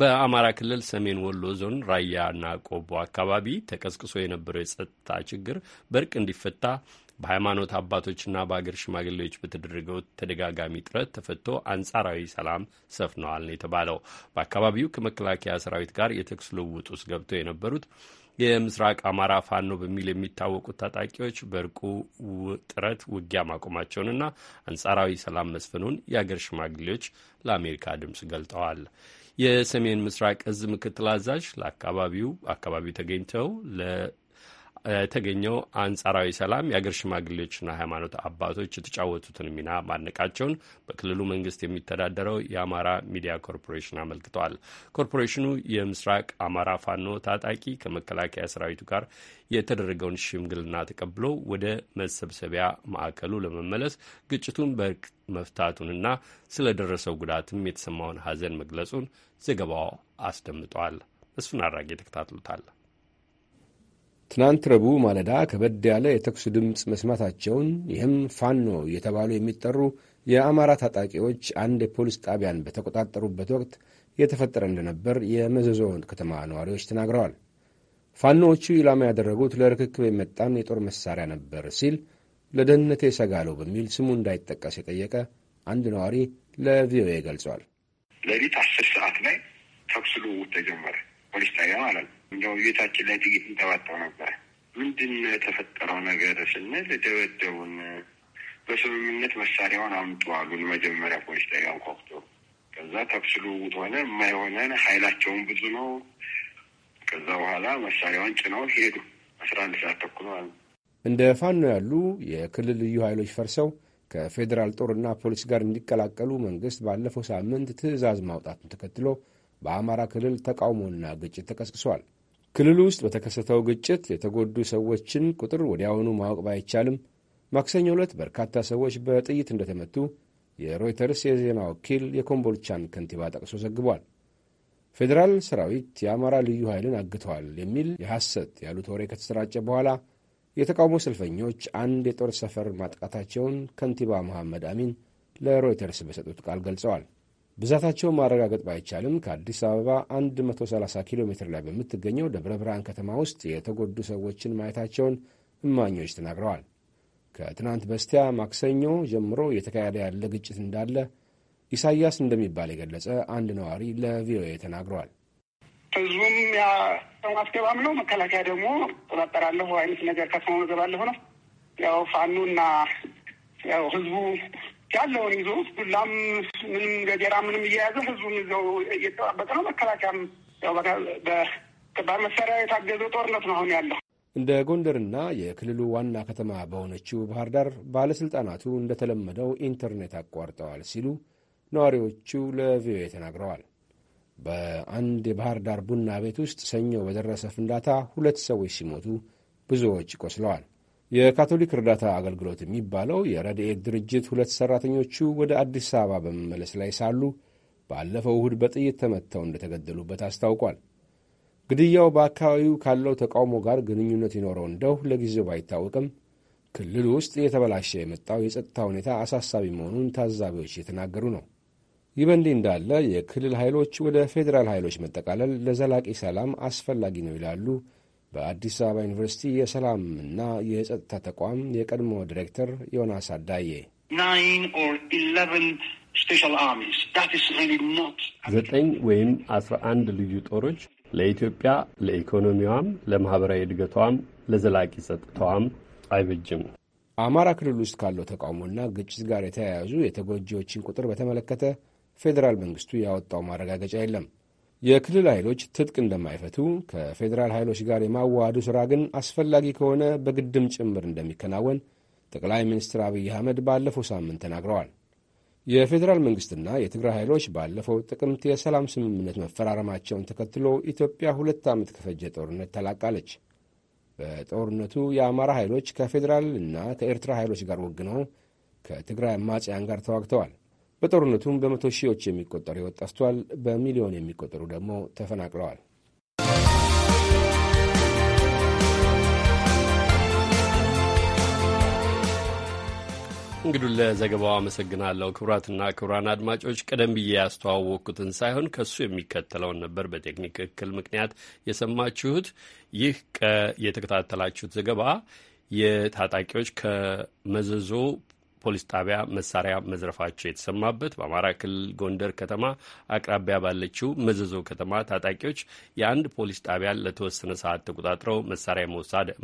Speaker 1: በአማራ ክልል ሰሜን ወሎ ዞን ራያና ቆቦ አካባቢ ተቀስቅሶ የነበረው የጸጥታ ችግር በእርቅ እንዲፈታ በሃይማኖት አባቶችና በአገር ሽማግሌዎች በተደረገው ተደጋጋሚ ጥረት ተፈቶ አንጻራዊ ሰላም ሰፍነዋል ነው የተባለው። በአካባቢው ከመከላከያ ሰራዊት ጋር የተኩስ ልውውጥ ውስጥ ገብተው የነበሩት የምስራቅ አማራ ፋኖ በሚል የሚታወቁት ታጣቂዎች በእርቁ ጥረት ውጊያ ማቆማቸውንና አንጻራዊ ሰላም መስፈኑን የአገር ሽማግሌዎች ለአሜሪካ ድምፅ ገልጠዋል። የሰሜን ምስራቅ እዝ ምክትል አዛዥ ለአካባቢው አካባቢው ተገኝተው የተገኘው አንጻራዊ ሰላም የአገር ሽማግሌዎችና ሃይማኖት አባቶች የተጫወቱትን ሚና ማድነቃቸውን በክልሉ መንግስት የሚተዳደረው የአማራ ሚዲያ ኮርፖሬሽን አመልክቷል። ኮርፖሬሽኑ የምስራቅ አማራ ፋኖ ታጣቂ ከመከላከያ ሰራዊቱ ጋር የተደረገውን ሽምግልና ተቀብሎ ወደ መሰብሰቢያ ማዕከሉ ለመመለስ ግጭቱን በእርቅ መፍታቱንና ስለደረሰው ጉዳትም የተሰማውን ሀዘን መግለጹን ዘገባው አስደምጧል። እሱን አራጌ ተከታትሎታል።
Speaker 5: ትናንት ረቡዕ ማለዳ ከበድ ያለ የተኩስ ድምፅ መስማታቸውን ይህም ፋኖ እየተባሉ የሚጠሩ የአማራ ታጣቂዎች አንድ የፖሊስ ጣቢያን በተቆጣጠሩበት ወቅት የተፈጠረ እንደነበር የመዘዞውን ከተማ ነዋሪዎች ተናግረዋል። ፋኖዎቹ ኢላማ ያደረጉት ለርክክብ የመጣን የጦር መሳሪያ ነበር ሲል ለደህንነቴ ሰጋለው በሚል ስሙ እንዳይጠቀስ የጠየቀ አንድ ነዋሪ ለቪኦኤ ገልጿል። ሌሊት አስር ሰዓት ላይ ተኩስ ልውውጥ ተጀመረ። ፖሊስ ጣቢያ ማለት
Speaker 2: እንደው ቤታችን ላይ ጥይት እንጠባጠው ነበር። ምንድን ነው የተፈጠረው ነገር ስንል ደበደቡን። በስምምነት መሳሪያውን አምጡ አሉን። መጀመሪያ ፖሊስ ጣቢያ አንኳኩቶ፣ ከዛ ተኩስ ልውውጥ ሆነ። የማይሆነን ኃይላቸውን ብዙ ነው። ከዛ በኋላ መሳሪያውን ጭነው ሄዱ። አስራ አንድ ሰዓት ተኩሎ አሉ።
Speaker 5: እንደ ፋኖ ያሉ የክልል ልዩ ኃይሎች ፈርሰው ከፌዴራል ጦርና ፖሊስ ጋር እንዲቀላቀሉ መንግስት ባለፈው ሳምንት ትዕዛዝ ማውጣቱን ተከትሎ በአማራ ክልል ተቃውሞና ግጭት ተቀስቅሷል። ክልሉ ውስጥ በተከሰተው ግጭት የተጎዱ ሰዎችን ቁጥር ወዲያውኑ ማወቅ ባይቻልም ማክሰኞ ዕለት በርካታ ሰዎች በጥይት እንደተመቱ የሮይተርስ የዜና ወኪል የኮምቦልቻን ከንቲባ ጠቅሶ ዘግቧል። ፌዴራል ሰራዊት የአማራ ልዩ ኃይልን አግተዋል የሚል የሐሰት ያሉት ወሬ ከተሰራጨ በኋላ የተቃውሞ ሰልፈኞች አንድ የጦር ሰፈር ማጥቃታቸውን ከንቲባ መሐመድ አሚን ለሮይተርስ በሰጡት ቃል ገልጸዋል። ብዛታቸውን ማረጋገጥ ባይቻልም ከአዲስ አበባ 130 ኪሎ ሜትር ላይ በምትገኘው ደብረ ብርሃን ከተማ ውስጥ የተጎዱ ሰዎችን ማየታቸውን እማኞች ተናግረዋል። ከትናንት በስቲያ ማክሰኞ ጀምሮ እየተካሄደ ያለ ግጭት እንዳለ ኢሳያስ እንደሚባል የገለጸ አንድ ነዋሪ ለቪኦኤ ተናግረዋል።
Speaker 2: ህዝቡም ያው ነው። መከላከያ ደግሞ እቆጣጠራለሁ አይነት ነገር ከተማ ገባለሁ ነው ያው ፋኑና ያው ህዝቡ ያለውን ይዞ ዱላም ምንም ገጀራ ምንም እየያዘ ህዝቡን ይዘው እየተጠባበቀ ነው። መከላከያም በከባድ መሳሪያ የታገዘ ጦርነት ነው አሁን ያለው።
Speaker 5: እንደ ጎንደርና የክልሉ ዋና ከተማ በሆነችው ባህር ዳር ባለሥልጣናቱ እንደተለመደው ኢንተርኔት አቋርጠዋል ሲሉ ነዋሪዎቹ ለቪኦኤ ተናግረዋል። በአንድ የባህር ዳር ቡና ቤት ውስጥ ሰኞ በደረሰ ፍንዳታ ሁለት ሰዎች ሲሞቱ ብዙዎች ቆስለዋል።
Speaker 6: የካቶሊክ እርዳታ
Speaker 5: አገልግሎት የሚባለው የረድኤት ድርጅት ሁለት ሠራተኞቹ ወደ አዲስ አበባ በመመለስ ላይ ሳሉ ባለፈው እሁድ በጥይት ተመትተው እንደተገደሉበት አስታውቋል። ግድያው በአካባቢው ካለው ተቃውሞ ጋር ግንኙነት ይኖረው እንደው ለጊዜው ባይታወቅም ክልል ውስጥ እየተበላሸ የመጣው የጸጥታ ሁኔታ አሳሳቢ መሆኑን ታዛቢዎች እየተናገሩ ነው። ይህ በእንዲህ እንዳለ የክልል ኃይሎች ወደ ፌዴራል ኃይሎች መጠቃለል ለዘላቂ ሰላም አስፈላጊ ነው ይላሉ በአዲስ አበባ ዩኒቨርሲቲ የሰላምና የጸጥታ ተቋም የቀድሞ ዲሬክተር ዮናስ አዳዬ
Speaker 1: ዘጠኝ ወይም አስራ አንድ ልዩ ጦሮች ለኢትዮጵያ ለኢኮኖሚዋም፣ ለማኅበራዊ እድገቷም፣ ለዘላቂ ጸጥታዋም አይበጅም።
Speaker 5: አማራ ክልል ውስጥ ካለው ተቃውሞና ግጭት ጋር የተያያዙ የተጎጂዎችን ቁጥር በተመለከተ ፌዴራል መንግስቱ ያወጣው ማረጋገጫ የለም። የክልል ኃይሎች ትጥቅ እንደማይፈቱ ከፌዴራል ኃይሎች ጋር የማዋሃዱ ሥራ ግን አስፈላጊ ከሆነ በግድም ጭምር እንደሚከናወን ጠቅላይ ሚኒስትር አብይ አህመድ ባለፈው ሳምንት ተናግረዋል። የፌዴራል መንግሥትና የትግራይ ኃይሎች ባለፈው ጥቅምት የሰላም ስምምነት መፈራረማቸውን ተከትሎ ኢትዮጵያ ሁለት ዓመት ከፈጀ ጦርነት ተላቃለች። በጦርነቱ የአማራ ኃይሎች ከፌዴራል እና ከኤርትራ ኃይሎች ጋር ወግነው ከትግራይ አማጽያን ጋር ተዋግተዋል። በጦርነቱም በመቶ ሺዎች የሚቆጠሩ ህይወት ጠፍቷል። በሚሊዮን የሚቆጠሩ ደግሞ ተፈናቅለዋል።
Speaker 1: እንግዲህ ለዘገባው አመሰግናለሁ። ክቡራትና ክቡራን አድማጮች ቀደም ብዬ ያስተዋወቅኩትን ሳይሆን ከሱ የሚከተለውን ነበር በቴክኒክ እክል ምክንያት የሰማችሁት። ይህ የተከታተላችሁት ዘገባ የታጣቂዎች ከመዘዞ ፖሊስ ጣቢያ መሳሪያ መዝረፋቸው የተሰማበት በአማራ ክልል ጎንደር ከተማ አቅራቢያ ባለችው መዘዞ ከተማ ታጣቂዎች የአንድ ፖሊስ ጣቢያን ለተወሰነ ሰዓት ተቆጣጥረው መሳሪያ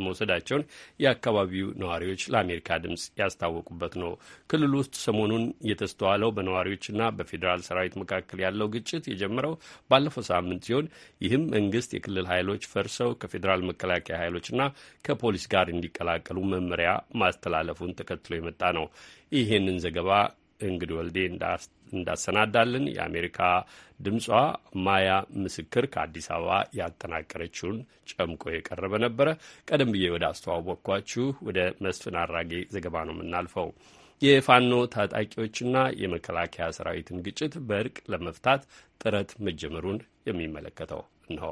Speaker 1: መውሰዳቸውን የአካባቢው ነዋሪዎች ለአሜሪካ ድምፅ ያስታወቁበት ነው። ክልሉ ውስጥ ሰሞኑን የተስተዋለው በነዋሪዎችና በፌዴራል ሰራዊት መካከል ያለው ግጭት የጀመረው ባለፈው ሳምንት ሲሆን ይህም መንግስት የክልል ኃይሎች ፈርሰው ከፌዴራል መከላከያ ኃይሎችና ከፖሊስ ጋር እንዲቀላቀሉ መመሪያ ማስተላለፉን ተከትሎ የመጣ ነው። ይህንን ዘገባ እንግድ ወልዴ እንዳሰናዳልን የአሜሪካ ድምጿ ማያ ምስክር ከአዲስ አበባ ያጠናቀረችውን ጨምቆ የቀረበ ነበረ። ቀደም ብዬ ወደ አስተዋወቅኳችሁ ወደ መስፍን አራጌ ዘገባ ነው የምናልፈው። የፋኖ ታጣቂዎችና የመከላከያ ሰራዊትን ግጭት በእርቅ ለመፍታት ጥረት መጀመሩን የሚመለከተው እንሆ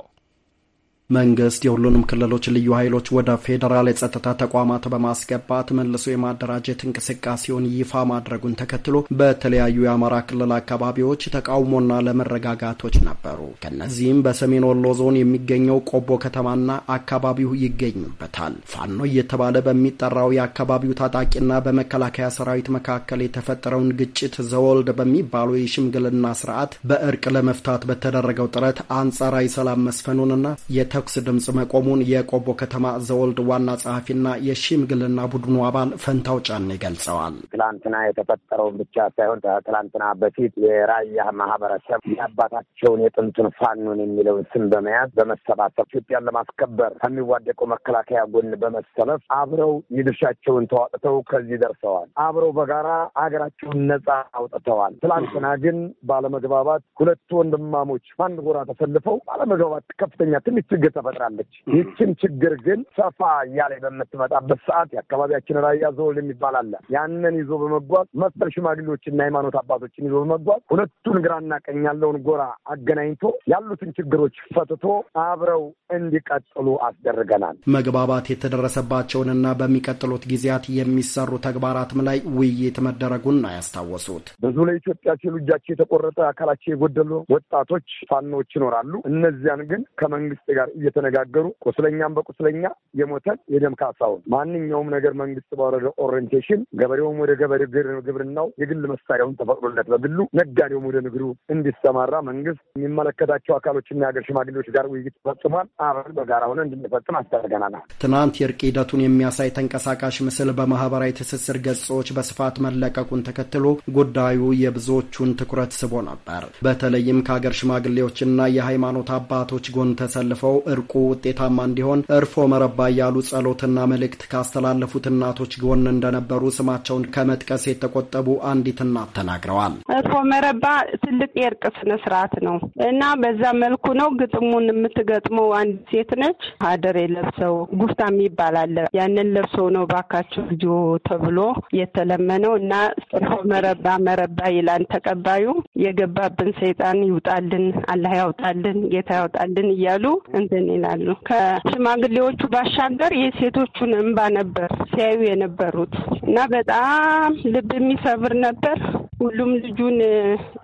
Speaker 7: መንግስት የሁሉንም ክልሎች ልዩ ኃይሎች ወደ ፌዴራል የጸጥታ ተቋማት በማስገባት መልሶ የማደራጀት እንቅስቃሴውን ይፋ ማድረጉን ተከትሎ በተለያዩ የአማራ ክልል አካባቢዎች ተቃውሞና ለመረጋጋቶች ነበሩ። ከነዚህም በሰሜን ወሎ ዞን የሚገኘው ቆቦ ከተማና አካባቢው ይገኙበታል። ፋኖ እየተባለ በሚጠራው የአካባቢው ታጣቂና በመከላከያ ሰራዊት መካከል የተፈጠረውን ግጭት ዘወልድ በሚባለው የሽምግልና ስርዓት በእርቅ ለመፍታት በተደረገው ጥረት አንጻራዊ ሰላም መስፈኑንና የተ የተኩስ ድምፅ መቆሙን የቆቦ ከተማ ዘወልድ ዋና ጸሐፊና የሽምግልና ቡድኑ አባል ፈንታው ጫኔ ገልጸዋል።
Speaker 8: ትላንትና የተፈጠረውን ብቻ ሳይሆን ትላንትና በፊት የራያ ማህበረሰብ የአባታቸውን የጥንቱን ፋኖን የሚለውን ስም በመያዝ በመሰባሰብ ኢትዮጵያን ለማስከበር ከሚዋደቀው መከላከያ ጎን በመሰለፍ አብረው የድርሻቸውን ተዋጥተው ከዚህ ደርሰዋል። አብረው በጋራ አገራቸውን ነጻ አውጥተዋል። ትላንትና ግን ባለመግባባት ሁለቱ ወንድማሞች በአንድ ጎራ ተሰልፈው ባለመግባባት ከፍተኛ ትንሽ ችግር ችግር ተፈጥራለች። ይችን ችግር ግን ሰፋ እያለ በምትመጣበት ሰዓት የአካባቢያችን ራያ ዘወል የሚባል አለ። ያንን ይዞ በመጓዝ መሰል ሽማግሌዎችና ሃይማኖት አባቶችን ይዞ በመጓዝ ሁለቱን ግራና ቀኝ ያለውን ጎራ አገናኝቶ ያሉትን ችግሮች ፈትቶ አብረው እንዲቀጥሉ አስደርገናል።
Speaker 7: መግባባት የተደረሰባቸውንና በሚቀጥሉት ጊዜያት የሚሰሩ ተግባራትም ላይ ውይይት መደረጉን ያስታወሱት
Speaker 8: ብዙ ለኢትዮጵያ ሲሉ እጃቸው የተቆረጠ አካላቸው የጎደሉ ወጣቶች ፋኖዎች ይኖራሉ። እነዚያን ግን ከመንግስት ጋር እየተነጋገሩ ቁስለኛም በቁስለኛ የሞተን የደም ካሳውን ማንኛውም ነገር መንግስት ባወረደ ኦሪንቴሽን ገበሬውም ወደ ገበሬ ግብርናው የግል መሳሪያውን ተፈቅዶለት በግሉ ነጋዴውም ወደ ንግዱ እንዲሰማራ መንግስት የሚመለከታቸው አካሎችና የሀገር ሽማግሌዎች ጋር ውይይት ፈጽሟል። አብረን በጋራ ሆነ እንድንፈጽም አስደርገናናል።
Speaker 7: ትናንት የእርቅ ሂደቱን የሚያሳይ ተንቀሳቃሽ ምስል በማህበራዊ ትስስር ገጾች በስፋት መለቀቁን ተከትሎ ጉዳዩ የብዙዎቹን ትኩረት ስቦ ነበር። በተለይም ከሀገር ሽማግሌዎችና የሃይማኖት አባቶች ጎን ተሰልፈው እርቁ ውጤታማ እንዲሆን እርፎ መረባ እያሉ ጸሎትና መልእክት ካስተላለፉት እናቶች ጎን እንደነበሩ ስማቸውን ከመጥቀስ የተቆጠቡ አንዲት እናት
Speaker 9: ተናግረዋል። እርፎ መረባ ትልቅ የእርቅ ስነ ስርዓት ነው እና በዛ መልኩ ነው ግጥሙን የምትገጥመው አንዲት ሴት ነች። አደሬ ለብሰው ጉፍታም ይባላል። ያንን ለብሰው ነው ባካቸው ልጆ ተብሎ የተለመነው እና እርፎ መረባ መረባ ይላል ተቀባዩ። የገባብን ሰይጣን ይውጣልን፣ አላህ ያውጣልን፣ ጌታ ያውጣልን እያሉ አለን ይላሉ። ከሽማግሌዎቹ ባሻገር የሴቶቹን እንባ ነበር ሲያዩ የነበሩት እና በጣም ልብ የሚሰብር ነበር። ሁሉም ልጁን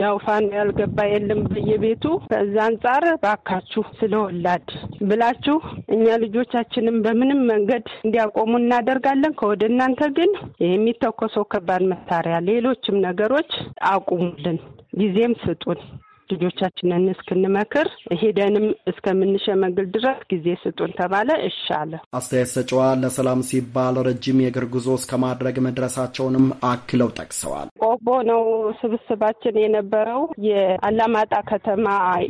Speaker 9: ያው ፋኖ ያልገባ የለም በየቤቱ። ከዛ አንጻር ባካችሁ ስለወላድ ብላችሁ እኛ ልጆቻችንም በምንም መንገድ እንዲያቆሙ እናደርጋለን። ከወደ እናንተ ግን የሚተኮሰው ከባድ መሳሪያ፣ ሌሎችም ነገሮች አቁሙልን፣ ጊዜም ስጡን ልጆቻችንን እስክንመክር ሄደንም እስከምንሸመግል ድረስ ጊዜ ስጡን ተባለ። እሻለ
Speaker 7: አስተያየት ሰጪዋ ለሰላም ሲባል ረጅም የእግር ጉዞ እስከ ማድረግ መድረሳቸውንም አክለው ጠቅሰዋል።
Speaker 9: ቆቦ ነው ስብስባችን የነበረው። የአላማጣ ከተማ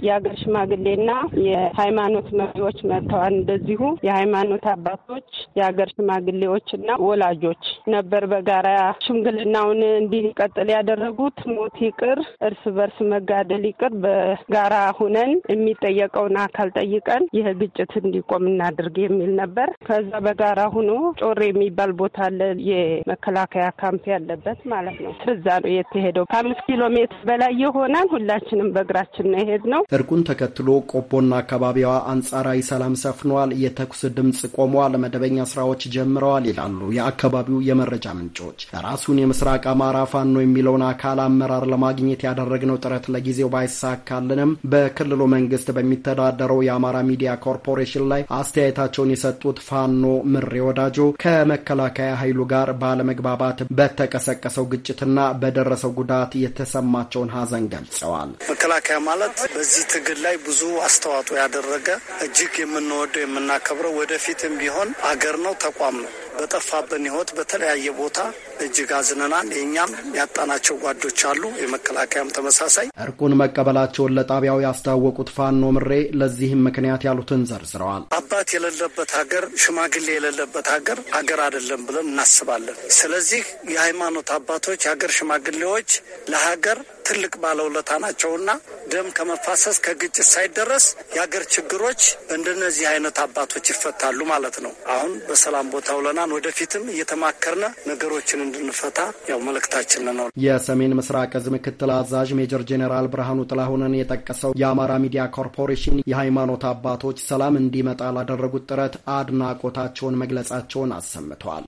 Speaker 9: የአገር ሽማግሌና የሃይማኖት መሪዎች መጥተዋል። እንደዚሁ የሃይማኖት አባቶች፣ የአገር ሽማግሌዎችና ወላጆች ነበር በጋራ ሽምግልናውን እንዲቀጥል ያደረጉት። ሞት ይቅር፣ እርስ በርስ መጋደል ይቅር ቁጥር በጋራ ሁነን የሚጠየቀውን አካል ጠይቀን ይህ ግጭት እንዲቆም እናድርግ የሚል ነበር። ከዛ በጋራ ሁኖ ጮሬ የሚባል ቦታ አለ፣ የመከላከያ ካምፕ ያለበት ማለት ነው። እዛ ነው የተሄደው። ከአምስት ኪሎ ሜትር በላይ የሆነን ሁላችንም በእግራችን ነው የሄድነው።
Speaker 7: እርቁን ተከትሎ ቆቦና አካባቢዋ አንጻራዊ ሰላም ሰፍኗል፣ የተኩስ ድምጽ ቆሟል፣ መደበኛ ስራዎች ጀምረዋል ይላሉ የአካባቢው የመረጃ ምንጮች። ራሱን የምስራቅ አማራ ፋኖ የሚለውን አካል አመራር ለማግኘት ያደረግነው ጥረት ለጊዜው ባይሳ አይሳካልንም። በክልሉ መንግስት በሚተዳደረው የአማራ ሚዲያ ኮርፖሬሽን ላይ አስተያየታቸውን የሰጡት ፋኖ ምሬ ወዳጆ ከመከላከያ ኃይሉ ጋር ባለመግባባት በተቀሰቀሰው ግጭትና በደረሰው ጉዳት የተሰማቸውን ሀዘን ገልጸዋል።
Speaker 3: መከላከያ ማለት በዚህ ትግል ላይ ብዙ አስተዋጽኦ ያደረገ እጅግ የምንወደው የምናከብረው ወደፊትም ቢሆን አገር ነው፣ ተቋም ነው። በጠፋብን ህይወት በተለያየ ቦታ እጅግ አዝነናል። የእኛም ያጣናቸው ጓዶች አሉ፣ የመከላከያም ተመሳሳይ።
Speaker 7: እርቁን መቀበላቸውን ለጣቢያው ያስታወቁት ፋኖ ምሬ ለዚህም ምክንያት ያሉትን ዘርዝረዋል።
Speaker 3: አባት የሌለበት ሀገር፣ ሽማግሌ የሌለበት ሀገር ሀገር አይደለም ብለን እናስባለን። ስለዚህ የሃይማኖት አባቶች፣ የሀገር ሽማግሌዎች ለሀገር ትልቅ ባለውለታ ናቸውና ደም ከመፋሰስ ከግጭት ሳይደረስ የአገር ችግሮች እንደነዚህ አይነት አባቶች ይፈታሉ ማለት ነው። አሁን በሰላም ቦታ ውለናን ወደፊትም
Speaker 9: እየተማከርነ ነገሮችን እንድንፈታ ያው መልእክታችን ነው።
Speaker 7: የሰሜን ምስራቅ እዝ ምክትል አዛዥ ሜጀር ጄኔራል ብርሃኑ ጥላሁንን የጠቀሰው የአማራ ሚዲያ ኮርፖሬሽን የሃይማኖት አባቶች ሰላም እንዲመጣ ላደረጉት ጥረት አድናቆታቸውን መግለጻቸውን አሰምተዋል።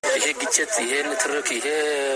Speaker 4: ግጭት፣ ይሄን ትርክ፣
Speaker 5: ይሄ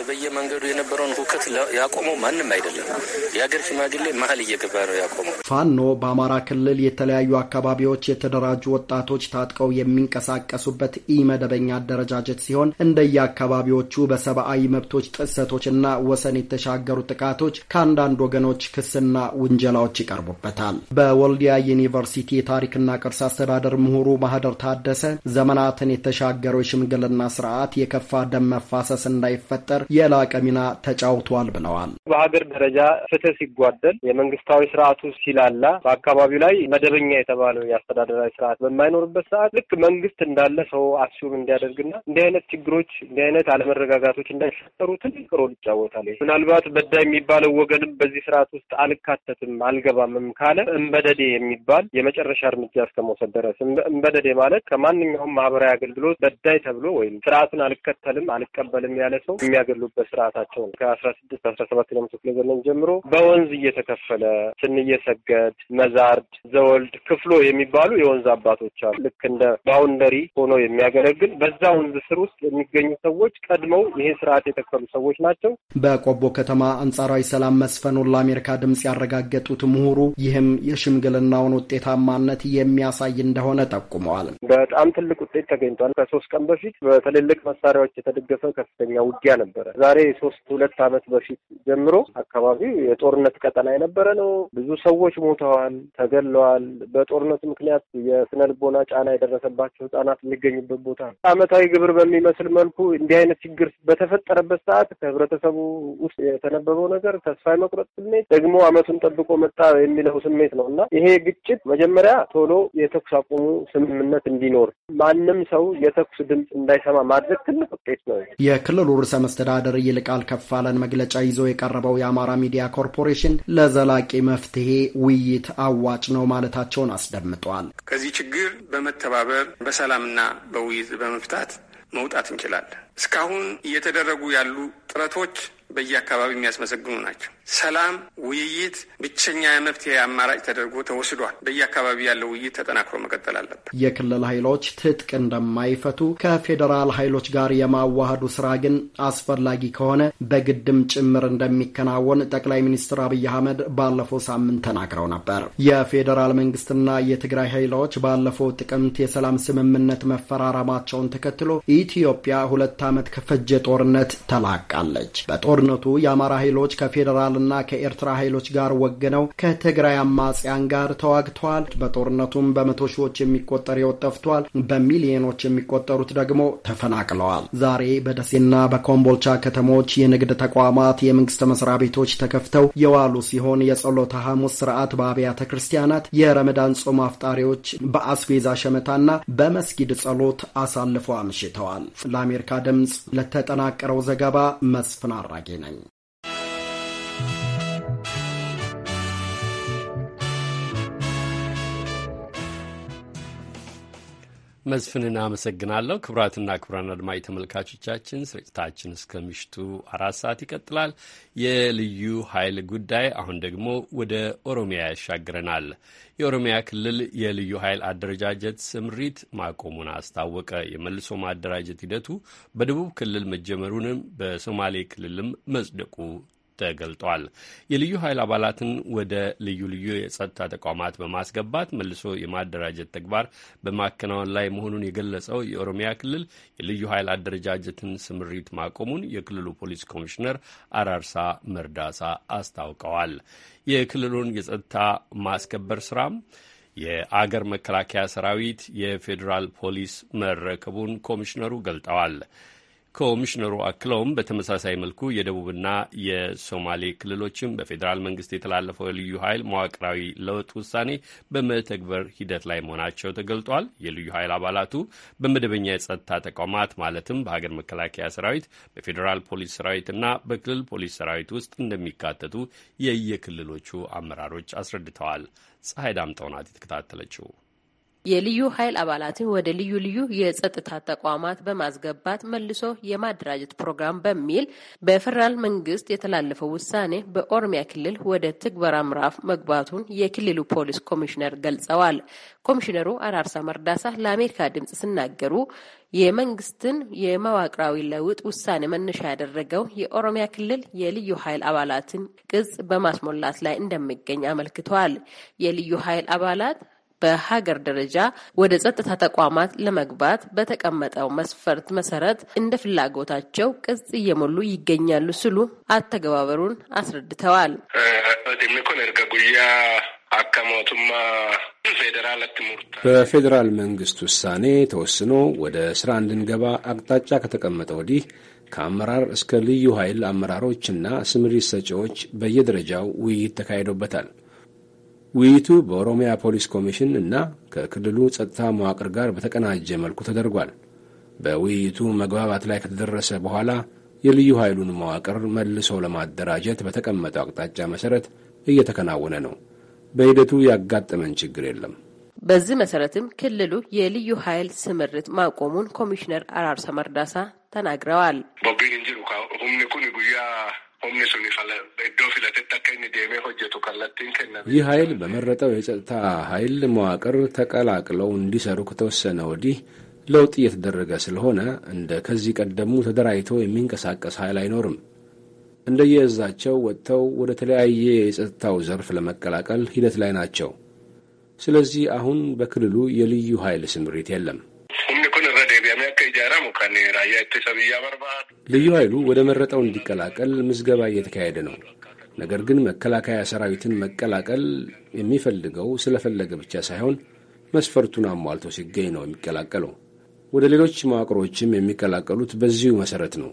Speaker 10: በየመንገዱ የነበረውን ሁከት ያቆመው ማንም አይደለም። የሀገር ሽማግሌ መሀል እየገባ ነው ያቆመው።
Speaker 7: ፋኖ በአማራ ክልል የተለያዩ አካባቢዎች የተደራጁ ወጣቶች ታጥቀው የሚንቀሳቀሱበት ኢ መደበኛ አደረጃጀት ሲሆን እንደየአካባቢዎቹ በሰብአዊ መብቶች ጥሰቶችና ወሰን የተሻገሩ ጥቃቶች ከአንዳንድ ወገኖች ክስና ውንጀላዎች ይቀርቡበታል። በወልዲያ ዩኒቨርሲቲ የታሪክና ቅርስ አስተዳደር ምሁሩ ማህደር ታደሰ ዘመናትን የተሻገረው የሽምግልና ስርዓት የከፋ ደም መፋሰስ እንዳይፈጠር የላቀ ሚና ተጫውቷል ብለዋል።
Speaker 10: በሀገር ደረጃ ፍትህ ሲጓደል፣ የመንግስታዊ ስርዓቱ ሲላላ፣ በአካባቢው ላይ መደበኛ የተባለው የአስተዳደራዊ ስርዓት በማይኖርበት ሰዓት ልክ መንግስት እንዳለ ሰው አክሲዮን እንዲያደርግና እንዲህ አይነት ችግሮች እንዲህ አይነት አለመረጋጋቶች እንዳይፈጠሩ ትልቅ ሮል ይጫወታል። ምናልባት በዳይ የሚባለው ወገንም በዚህ ስርዓት ውስጥ አልካተትም አልገባምም ካለ እንበደዴ የሚባል የመጨረሻ እርምጃ እስከመውሰድ ድረስ ማለት ከማንኛውም ማህበራዊ አገልግሎት በዳይ ተብሎ ወይም ስርዓቱን አልከተል አልቀበልም አልቀበልም ያለ ሰው የሚያገሉበት ስርዓታቸው ነው። ከአስራ ስድስት አስራ ሰባት ለመቶ ክፍለ ዘመን ጀምሮ በወንዝ እየተከፈለ ስንዬ መዛርድ፣ ዘወልድ ክፍሎ የሚባሉ የወንዝ አባቶች አሉ። ልክ እንደ ባውንደሪ ሆኖ የሚያገለግል በዛ ወንዝ ስር ውስጥ የሚገኙ ሰዎች ቀድመው ይህን ስርዓት የተከሉ ሰዎች ናቸው።
Speaker 7: በቆቦ ከተማ አንጻራዊ ሰላም መስፈኑን ለአሜሪካ ድምጽ ያረጋገጡት ምሁሩ ይህም የሽምግልናውን ውጤታማነት የሚያሳይ እንደሆነ ጠቁመዋል።
Speaker 10: በጣም ትልቅ ውጤት ተገኝቷል። ከሶስት ቀን በፊት በትልልቅ መሳሪያዎች የተደገፈ ከፍተኛ ውጊያ ነበረ። ዛሬ ሶስት ሁለት ዓመት በፊት ጀምሮ አካባቢው የጦርነት ቀጠና የነበረ ነው። ብዙ ሰዎች ሞተዋል፣ ተገለዋል። በጦርነቱ ምክንያት የስነ ልቦና ጫና የደረሰባቸው ህጻናት የሚገኙበት ቦታ ነው። ዓመታዊ ግብር በሚመስል መልኩ እንዲህ አይነት ችግር በተፈጠረበት ሰዓት ከህብረተሰቡ ውስጥ የተነበበው ነገር ተስፋ የመቁረጥ ስሜት ደግሞ ዓመቱን ጠብቆ መጣ የሚለው ስሜት ነው እና ይሄ ግጭት መጀመሪያ ቶሎ የተኩስ አቁሙ ስምምነት እንዲኖር ማንም ሰው የተኩስ ድምፅ እንዳይሰማ ማድረግ ትልቅ ውጤት ነው።
Speaker 7: የክልሉ ርዕሰ መስተዳደር ይልቃል ከፋለን መግለጫ ይዞ የቀረበው የአማራ ሚዲያ ኮርፖሬሽን ለዘላቂ መፍትሄ ውይይት አዋጭ ነው ማለታቸውን አስደምጧል። ከዚህ
Speaker 2: ችግር በመተባበር
Speaker 1: በሰላምና በውይይት በመፍታት መውጣት እንችላለን። እስካሁን እየተደረጉ ያሉ ጥረቶች በየአካባቢው የሚያስመሰግኑ ናቸው። ሰላም፣ ውይይት ብቸኛ የመፍትሄ አማራጭ ተደርጎ ተወስዷል። በየአካባቢው ያለው ውይይት ተጠናክሮ መቀጠል አለበት።
Speaker 7: የክልል ኃይሎች ትጥቅ እንደማይፈቱ ከፌዴራል ኃይሎች ጋር የማዋሃዱ ስራ ግን አስፈላጊ ከሆነ በግድም ጭምር እንደሚከናወን ጠቅላይ ሚኒስትር አብይ አህመድ ባለፈው ሳምንት ተናግረው ነበር። የፌዴራል መንግስትና የትግራይ ኃይሎች ባለፈው ጥቅምት የሰላም ስምምነት መፈራረማቸውን ተከትሎ ኢትዮጵያ ሁለት ዓመት ከፈጀ ጦርነት ተላቃለች። በጦር ጦርነቱ የአማራ ኃይሎች ከፌዴራልና ከኤርትራ ኃይሎች ጋር ወግነው ከትግራይ አማጽያን ጋር ተዋግተዋል። በጦርነቱም በመቶ ሺዎች የሚቆጠር ህይወት ጠፍቷል። በሚሊዮኖች የሚቆጠሩት ደግሞ ተፈናቅለዋል። ዛሬ በደሴና በኮምቦልቻ ከተሞች የንግድ ተቋማት፣ የመንግስት መስሪያ ቤቶች ተከፍተው የዋሉ ሲሆን የጸሎተ ሐሙስ ስርዓት በአብያተ ክርስቲያናት የረመዳን ጾም አፍጣሪዎች በአስቤዛ ሸመታና በመስጊድ ጸሎት አሳልፈው አምሽተዋል። ለአሜሪካ ድምፅ ለተጠናቀረው ዘገባ መስፍን አራ けない。
Speaker 1: መስፍንን አመሰግናለሁ። ክቡራትና ክቡራን አድማጭ ተመልካቾቻችን ስርጭታችን እስከ ምሽቱ አራት ሰዓት ይቀጥላል። የልዩ ኃይል ጉዳይ አሁን ደግሞ ወደ ኦሮሚያ ያሻግረናል። የኦሮሚያ ክልል የልዩ ኃይል አደረጃጀት ስምሪት ማቆሙን አስታወቀ። የመልሶ ማደራጀት ሂደቱ በደቡብ ክልል መጀመሩንም በሶማሌ ክልልም መጽደቁ ተገልጧል። የልዩ ኃይል አባላትን ወደ ልዩ ልዩ የጸጥታ ተቋማት በማስገባት መልሶ የማደራጀት ተግባር በማከናወን ላይ መሆኑን የገለጸው የኦሮሚያ ክልል የልዩ ኃይል አደረጃጀትን ስምሪት ማቆሙን የክልሉ ፖሊስ ኮሚሽነር አራርሳ መርዳሳ አስታውቀዋል። የክልሉን የጸጥታ ማስከበር ስራም የአገር መከላከያ ሰራዊት፣ የፌዴራል ፖሊስ መረከቡን ኮሚሽነሩ ገልጠዋል። ኮሚሽነሩ አክለውም በተመሳሳይ መልኩ የደቡብና የሶማሌ ክልሎችም በፌዴራል መንግስት የተላለፈው የልዩ ኃይል መዋቅራዊ ለውጥ ውሳኔ በመተግበር ሂደት ላይ መሆናቸው ተገልጧል። የልዩ ኃይል አባላቱ በመደበኛ የጸጥታ ተቋማት ማለትም በሀገር መከላከያ ሰራዊት፣ በፌዴራል ፖሊስ ሰራዊትና በክልል ፖሊስ ሰራዊት ውስጥ እንደሚካተቱ የየክልሎቹ አመራሮች አስረድተዋል። ፀሐይ ዳምጠው ናት የተከታተለችው።
Speaker 11: የልዩ ኃይል አባላትን ወደ ልዩ ልዩ የጸጥታ ተቋማት በማስገባት መልሶ የማደራጀት ፕሮግራም በሚል በፌደራል መንግስት የተላለፈው ውሳኔ በኦሮሚያ ክልል ወደ ትግበራ ምዕራፍ መግባቱን የክልሉ ፖሊስ ኮሚሽነር ገልጸዋል። ኮሚሽነሩ አራርሳ መርዳሳ ለአሜሪካ ድምጽ ሲናገሩ የመንግስትን የመዋቅራዊ ለውጥ ውሳኔ መነሻ ያደረገው የኦሮሚያ ክልል የልዩ ኃይል አባላትን ቅጽ በማስሞላት ላይ እንደሚገኝ አመልክተዋል። የልዩ ኃይል አባላት በሀገር ደረጃ ወደ ጸጥታ ተቋማት ለመግባት በተቀመጠው መስፈርት መሰረት እንደ ፍላጎታቸው ቅጽ እየሞሉ ይገኛሉ ሲሉ አተገባበሩን አስረድተዋል።
Speaker 5: በፌዴራል መንግስት ውሳኔ ተወስኖ ወደ ስራ እንድንገባ አቅጣጫ ከተቀመጠ ወዲህ ከአመራር እስከ ልዩ ኃይል አመራሮችና ስምሪት ሰጪዎች በየደረጃው ውይይት ተካሂዶበታል። ውይይቱ በኦሮሚያ ፖሊስ ኮሚሽን እና ከክልሉ ጸጥታ መዋቅር ጋር በተቀናጀ መልኩ ተደርጓል። በውይይቱ መግባባት ላይ ከተደረሰ በኋላ የልዩ ኃይሉን መዋቅር መልሶ ለማደራጀት በተቀመጠው አቅጣጫ መሰረት እየተከናወነ ነው። በሂደቱ ያጋጠመን ችግር የለም።
Speaker 11: በዚህ መሰረትም ክልሉ የልዩ ኃይል ስምርት ማቆሙን ኮሚሽነር አራርሰ መርዳሳ ተናግረዋል።
Speaker 5: ይህ ኃይል በመረጠው የጸጥታ ኃይል መዋቅር ተቀላቅለው እንዲሰሩ ከተወሰነ ወዲህ ለውጥ እየተደረገ ስለሆነ እንደ ከዚህ ቀደሙ ተደራጅተው የሚንቀሳቀስ ኃይል አይኖርም። እንደየእዛቸው ወጥተው ወደ ተለያየ የጸጥታው ዘርፍ ለመቀላቀል ሂደት ላይ ናቸው። ስለዚህ አሁን በክልሉ የልዩ ኃይል ስምሪት የለም። ልዩ ኃይሉ ወደ መረጠው እንዲቀላቀል ምዝገባ እየተካሄደ ነው። ነገር ግን መከላከያ ሰራዊትን መቀላቀል የሚፈልገው ስለፈለገ ብቻ ሳይሆን መስፈርቱን አሟልቶ ሲገኝ ነው የሚቀላቀለው። ወደ ሌሎች መዋቅሮችም የሚቀላቀሉት በዚሁ መሰረት ነው።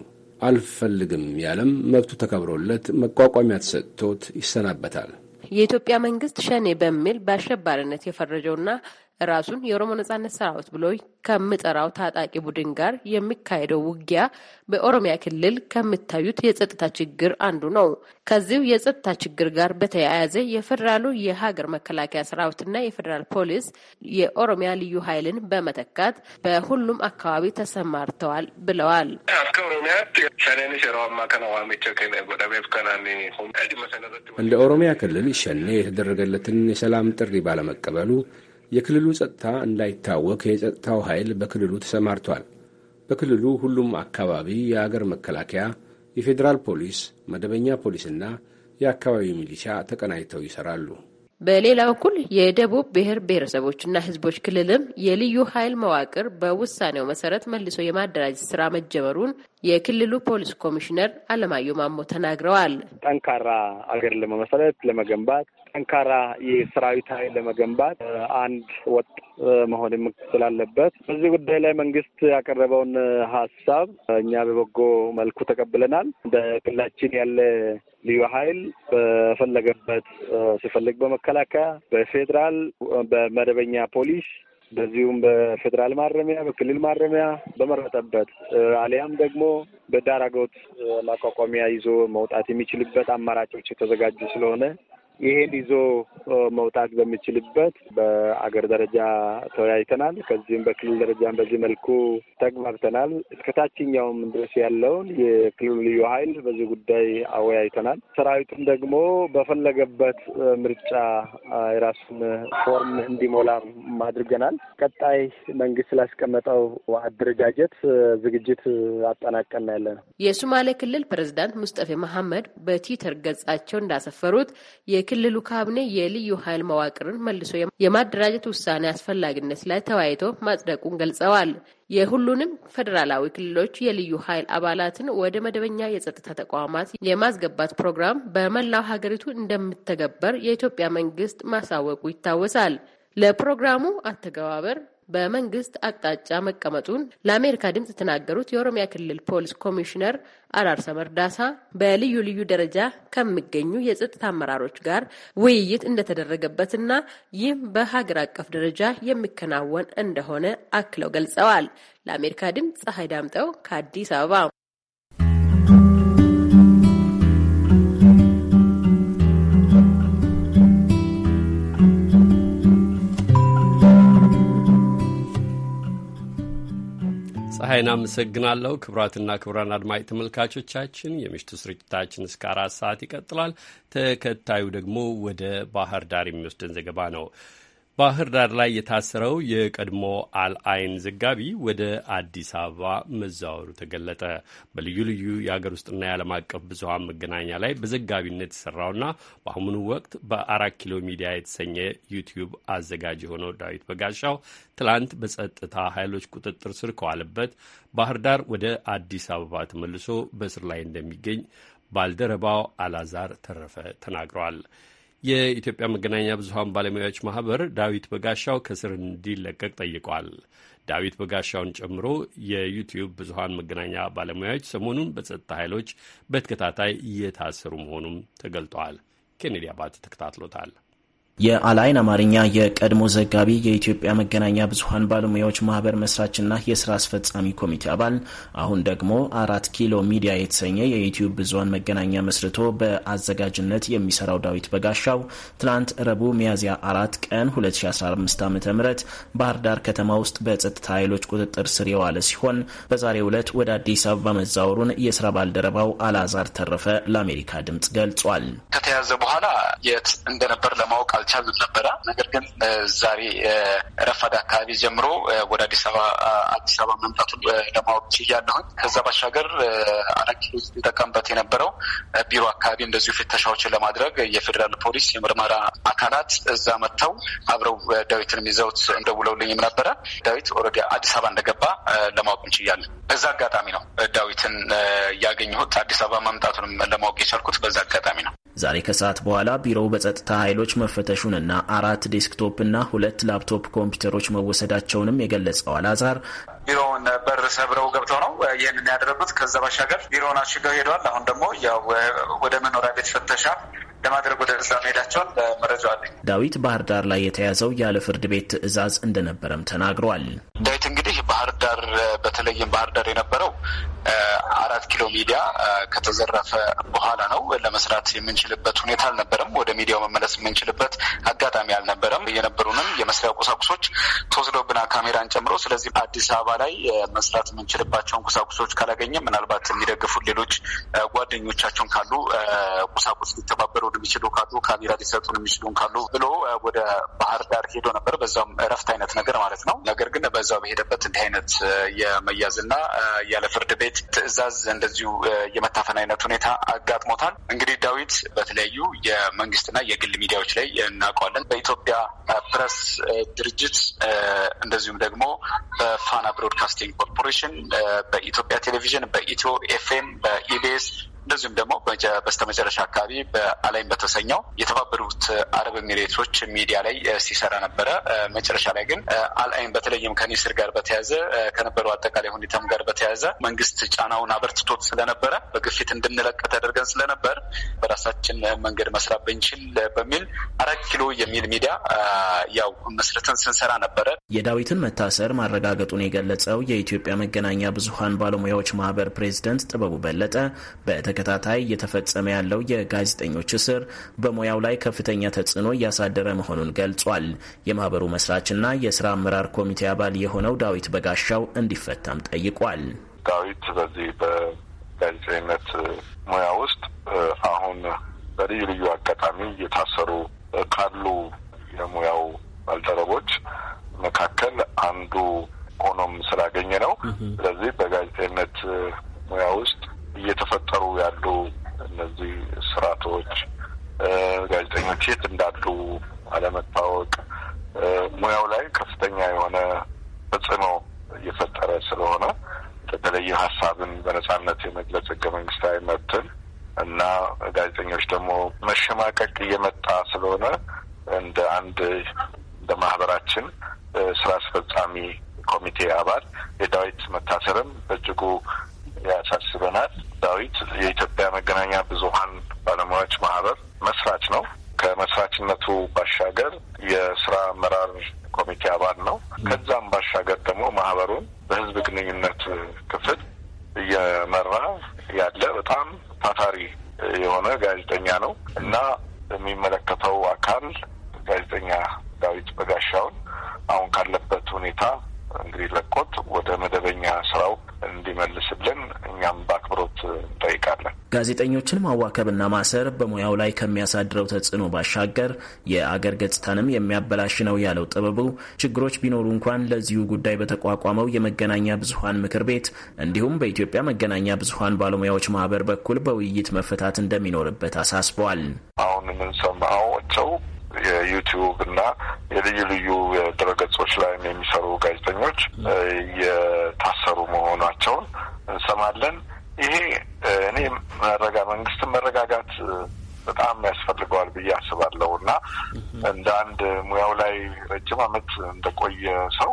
Speaker 5: አልፈልግም ያለም መብቱ ተከብሮለት መቋቋሚያ ተሰጥቶት ይሰናበታል።
Speaker 11: የኢትዮጵያ መንግስት ሸኔ በሚል በአሸባሪነት የፈረጀውና ራሱን የኦሮሞ ነጻነት ሰራዊት ብሎ ከምጠራው ታጣቂ ቡድን ጋር የሚካሄደው ውጊያ በኦሮሚያ ክልል ከሚታዩት የጸጥታ ችግር አንዱ ነው። ከዚሁ የጸጥታ ችግር ጋር በተያያዘ የፌዴራሉ የሀገር መከላከያ ሰራዊትና የፌዴራል ፖሊስ የኦሮሚያ ልዩ ኃይልን በመተካት በሁሉም አካባቢ ተሰማርተዋል ብለዋል።
Speaker 5: እንደ ኦሮሚያ ክልል ሸኔ የተደረገለትን የሰላም ጥሪ ባለመቀበሉ የክልሉ ጸጥታ እንዳይታወክ የጸጥታው ኃይል በክልሉ ተሰማርቷል። በክልሉ ሁሉም አካባቢ የአገር መከላከያ፣ የፌዴራል ፖሊስ፣ መደበኛ ፖሊስና የአካባቢው ሚሊሻ ተቀናጅተው ይሠራሉ።
Speaker 11: በሌላ በኩል የደቡብ ብሔር ብሔረሰቦችና ህዝቦች ክልልም የልዩ ኃይል መዋቅር በውሳኔው መሰረት መልሶ የማደራጀት ስራ መጀመሩን የክልሉ ፖሊስ ኮሚሽነር
Speaker 10: አለማየሁ ማሞ ተናግረዋል። ጠንካራ አገር ለመመሰረት ለመገንባት ጠንካራ የሰራዊት ኃይል ለመገንባት አንድ ወጥ መሆን ስላለበት በዚህ ጉዳይ ላይ መንግስት ያቀረበውን ሀሳብ እኛ በበጎ መልኩ ተቀብለናል። በክልላችን ያለ ልዩ ኃይል በፈለገበት ሲፈልግ በመከላከያ፣ በፌዴራል፣ በመደበኛ ፖሊስ በዚሁም በፌዴራል ማረሚያ፣ በክልል ማረሚያ በመረጠበት አሊያም ደግሞ በዳራጎት ማቋቋሚያ ይዞ መውጣት የሚችልበት አማራጮች የተዘጋጁ ስለሆነ ይሄን ይዞ መውጣት በሚችልበት በአገር ደረጃ ተወያይተናል። ከዚህም በክልል ደረጃ በዚህ መልኩ ተግባብተናል። እስከ ታችኛውም ድረስ ያለውን የክልሉ ልዩ ኃይል በዚህ ጉዳይ አወያይተናል። ሰራዊቱም ደግሞ በፈለገበት ምርጫ የራሱን ፎርም እንዲሞላ አድርገናል። ቀጣይ መንግስት ስላስቀመጠው አደረጃጀት ዝግጅት አጠናቀና ያለ ነው።
Speaker 11: የሱማሌ ክልል ፕሬዚዳንት ሙስጠፌ መሐመድ በትዊተር ገጻቸው እንዳሰፈሩት የክልሉ ካቢኔ የልዩ ኃይል መዋቅርን መልሶ የማደራጀት ውሳኔ አስፈላጊነት ላይ ተወያይቶ ማጽደቁን ገልጸዋል። የሁሉንም ፌዴራላዊ ክልሎች የልዩ ኃይል አባላትን ወደ መደበኛ የጸጥታ ተቋማት የማስገባት ፕሮግራም በመላው ሀገሪቱ እንደምተገበር የኢትዮጵያ መንግስት ማሳወቁ ይታወሳል። ለፕሮግራሙ አተገባበር በመንግስት አቅጣጫ መቀመጡን ለአሜሪካ ድምጽ የተናገሩት የኦሮሚያ ክልል ፖሊስ ኮሚሽነር አራርሳ መርዳሳ በልዩ ልዩ ደረጃ ከሚገኙ የጸጥታ አመራሮች ጋር ውይይት እንደተደረገበትና ይህም በሀገር አቀፍ ደረጃ የሚከናወን እንደሆነ አክለው ገልጸዋል። ለአሜሪካ ድምፅ ፀሐይ ዳምጠው ከአዲስ አበባ
Speaker 1: ፀሐይን አመሰግናለሁ። ክቡራትና ክቡራን አድማጭ ተመልካቾቻችን የምሽቱ ስርጭታችን እስከ አራት ሰዓት ይቀጥላል። ተከታዩ ደግሞ ወደ ባህር ዳር የሚወስደን ዘገባ ነው። ባህር ዳር ላይ የታሰረው የቀድሞ አልአይን ዘጋቢ ወደ አዲስ አበባ መዛወሩ ተገለጠ። በልዩ ልዩ የአገር ውስጥና የዓለም አቀፍ ብዙሀን መገናኛ ላይ በዘጋቢነት የሰራውና በአሁኑ ወቅት በአራት ኪሎ ሚዲያ የተሰኘ ዩቲዩብ አዘጋጅ የሆነው ዳዊት በጋሻው ትላንት በጸጥታ ኃይሎች ቁጥጥር ስር ከዋለበት ባህር ዳር ወደ አዲስ አበባ ተመልሶ በእስር ላይ እንደሚገኝ ባልደረባው አላዛር ተረፈ ተናግረዋል። የኢትዮጵያ መገናኛ ብዙሀን ባለሙያዎች ማህበር ዳዊት በጋሻው ከስር እንዲለቀቅ ጠይቋል። ዳዊት በጋሻውን ጨምሮ የዩቲዩብ ብዙሀን መገናኛ ባለሙያዎች ሰሞኑን በጸጥታ ኃይሎች በተከታታይ እየታሰሩ መሆኑም ተገልጠዋል። ኬኔዲ አባት ተከታትሎታል።
Speaker 12: የአላይን አማርኛ የቀድሞ ዘጋቢ የኢትዮጵያ መገናኛ ብዙሀን ባለሙያዎች ማህበር መስራችና የስራ አስፈጻሚ ኮሚቴ አባል አሁን ደግሞ አራት ኪሎ ሚዲያ የተሰኘ የዩትዩብ ብዙሀን መገናኛ መስርቶ በአዘጋጅነት የሚሰራው ዳዊት በጋሻው ትናንት ረቡዕ ሚያዝያ አራት ቀን 2015 ዓ ም ባህር ዳር ከተማ ውስጥ በጸጥታ ኃይሎች ቁጥጥር ስር የዋለ ሲሆን በዛሬው ዕለት ወደ አዲስ አበባ መዛወሩን የስራ ባልደረባው አላዛር ተረፈ ለአሜሪካ ድምጽ ገልጿል።
Speaker 13: ከተያዘ በኋላ የት እንደነበር ለማወቅ አልቻሉም ነበረ። ነገር ግን ዛሬ ረፋድ አካባቢ ጀምሮ ወደ አዲስ አበባ አዲስ አበባ መምጣቱን ለማወቅ ችያለሁኝ። ከዛ ባሻገር አራት ኪሎ ሲጠቀምበት የነበረው ቢሮ አካባቢ እንደዚሁ ፍተሻዎችን ለማድረግ የፌዴራል ፖሊስ የምርመራ አካላት እዛ መጥተው አብረው ዳዊትን ይዘውት እንደውለውልኝም ነበረ። ዳዊት ኦልሬዲ አዲስ አበባ እንደገባ ለማወቅ እንችያለን። በዛ አጋጣሚ ነው ዳዊትን ያገኘሁት። አዲስ አበባ መምጣቱንም ለማወቅ የቻልኩት በዛ አጋጣሚ
Speaker 12: ነው። ዛሬ ከሰዓት በኋላ ቢሮው በጸጥታ ኃይሎች መፈተሹንና አራት ዴስክቶፕና ሁለት ላፕቶፕ ኮምፒውተሮች መወሰዳቸውንም የገለጸው አላዛር
Speaker 13: ቢሮውን በር ሰብረው ገብተው ነው ይህንን ያደረጉት። ከዛ ባሻገር ቢሮውን አሽገው ሄደዋል። አሁን ደግሞ ያው ወደ መኖሪያ ቤት ፍተሻ ለማድረግ ወደ እዛ መሄዳቸውን መረጃ
Speaker 12: አለኝ። ዳዊት ባህር ዳር ላይ የተያዘው ያለ ፍርድ ቤት ትዕዛዝ እንደነበረም ተናግሯል።
Speaker 13: ዳዊት እንግዲህ ባህር ዳር በተለይም ባህር ዳር የነበረው አራት ኪሎ ሚዲያ ከተዘረፈ በኋላ ነው። ለመስራት የምንችልበት ሁኔታ አልነበረም። ወደ ሚዲያው መመለስ የምንችልበት አጋጣሚ አልነበረም። የነበሩንም የመስሪያ ቁሳቁሶች ተወስደውብና ካሜራን ጨምሮ። ስለዚህ አዲስ አበባ ላይ መስራት የምንችልባቸውን ቁሳቁሶች ካላገኘ ምናልባት የሚደግፉ ሌሎች ጓደኞቻቸውን ካሉ ቁሳቁስ ሊተባበሩ ሊረዱ የሚችሉ ካሉ ካሜራ ሊሰጡን የሚችሉን ካሉ ብሎ ወደ ባህር ዳር ሄዶ ነበር። በዛም እረፍት አይነት ነገር ማለት ነው። ነገር ግን በዛው በሄደበት እንዲህ አይነት የመያዝና ያለ ፍርድ ቤት ትዕዛዝ እንደዚሁ የመታፈን አይነት ሁኔታ አጋጥሞታል። እንግዲህ ዳዊት በተለያዩ የመንግስትና የግል ሚዲያዎች ላይ እናውቀዋለን። በኢትዮጵያ ፕረስ ድርጅት እንደዚሁም ደግሞ በፋና ብሮድካስቲንግ ኮርፖሬሽን፣ በኢትዮጵያ ቴሌቪዥን፣ በኢትዮ ኤፍኤም፣ በኢቢኤስ እንደዚሁም ደግሞ በስተመጨረሻ አካባቢ በአላይም በተሰኘው የተባበሩት አረብ ኤሚሬቶች ሚዲያ ላይ ሲሰራ ነበረ። መጨረሻ ላይ ግን አልአይን በተለይም ከኒስር ጋር በተያዘ ከነበረው አጠቃላይ ሁኔታም ጋር በተያዘ መንግስት ጫናውን አበርትቶት ስለነበረ በግፊት እንድንለቅ ተደርገን ስለነበር በራሳችን መንገድ መስራት ብንችል በሚል አራት ኪሎ የሚል ሚዲያ ያው መስረትን ስንሰራ ነበረ።
Speaker 12: የዳዊትን መታሰር ማረጋገጡን የገለጸው የኢትዮጵያ መገናኛ ብዙሀን ባለሙያዎች ማህበር ፕሬዚደንት ጥበቡ በለጠ በተከታታይ እየተፈጸመ ያለው የጋዜጠኞች እስር በሙያው ላይ ከፍተኛ ተጽዕኖ እያሳደረ መሆኑን ገልጿል። የማህበሩ መስራችና የስራ አመራር ኮሚቴ አባል የሆነው ዳዊት በጋሻው እንዲፈታም ጠይቋል። ዳዊት በዚህ በጋዜጠኝነት
Speaker 14: ሙያ ውስጥ አሁን በልዩ ልዩ አጋጣሚ እየታሰሩ ካሉ የሙያው ባልደረቦች መካከል አንዱ ሆኖም ስላገኘ ነው። ስለዚህ በጋዜጠኝነት ሙያ ውስጥ እየተፈጠሩ ያሉ እነዚህ ስርዓቶች ጋዜጠኞች የት እንዳሉ አለመታወቅ ሙያው ላይ ከፍተኛ የሆነ ተጽዕኖ እየፈጠረ ስለሆነ በተለየ ሀሳብን በነጻነት የመግለጽ ህገ መንግስታዊ መብትን እና ጋዜጠኞች ደግሞ መሸማቀቅ እየመጣ ስለሆነ እንደ አንድ እንደ ማህበራችን ስራ አስፈጻሚ ኮሚቴ አባል የዳዊት መታሰርም በእጅጉ ያሳስበናል። ዳዊት የኢትዮጵያ መገናኛ ብዙሀን ባለሙያዎች ማህበር መስራች ነው። ከመስራችነቱ ባሻገር የስራ አመራር ኮሚቴ አባል ነው። ከዛም ባሻገር ደግሞ ማህበሩን በህዝብ ግንኙነት ክፍል እየመራ ያለ በጣም ታታሪ የሆነ ጋዜጠኛ ነው እና የሚመለከተው አካል ጋዜጠኛ ዳዊት በጋሻውን አሁን ካለበት ሁኔታ እንግዲህ ለቆት ወደ መደበኛ ስራው እንዲመልስልን
Speaker 12: ጋዜጠኞችን ማዋከብና ማሰር በሙያው ላይ ከሚያሳድረው ተጽዕኖ ባሻገር የአገር ገጽታንም የሚያበላሽ ነው ያለው ጥበቡ፣ ችግሮች ቢኖሩ እንኳን ለዚሁ ጉዳይ በተቋቋመው የመገናኛ ብዙሀን ምክር ቤት እንዲሁም በኢትዮጵያ መገናኛ ብዙሀን ባለሙያዎች ማህበር በኩል በውይይት መፈታት እንደሚኖርበት አሳስበዋል።
Speaker 14: አሁን የምንሰማቸው የዩቲዩብ እና የልዩ ልዩ ድረገጾች ላይም የሚሰሩ ጋዜጠኞች የታሰሩ መሆናቸውን እንሰማለን። ይሄ እኔ መረጋ መንግስትን መረጋጋት በጣም ያስፈልገዋል ብዬ አስባለሁ እና እንደ አንድ ሙያው ላይ ረጅም አመት እንደቆየ ሰው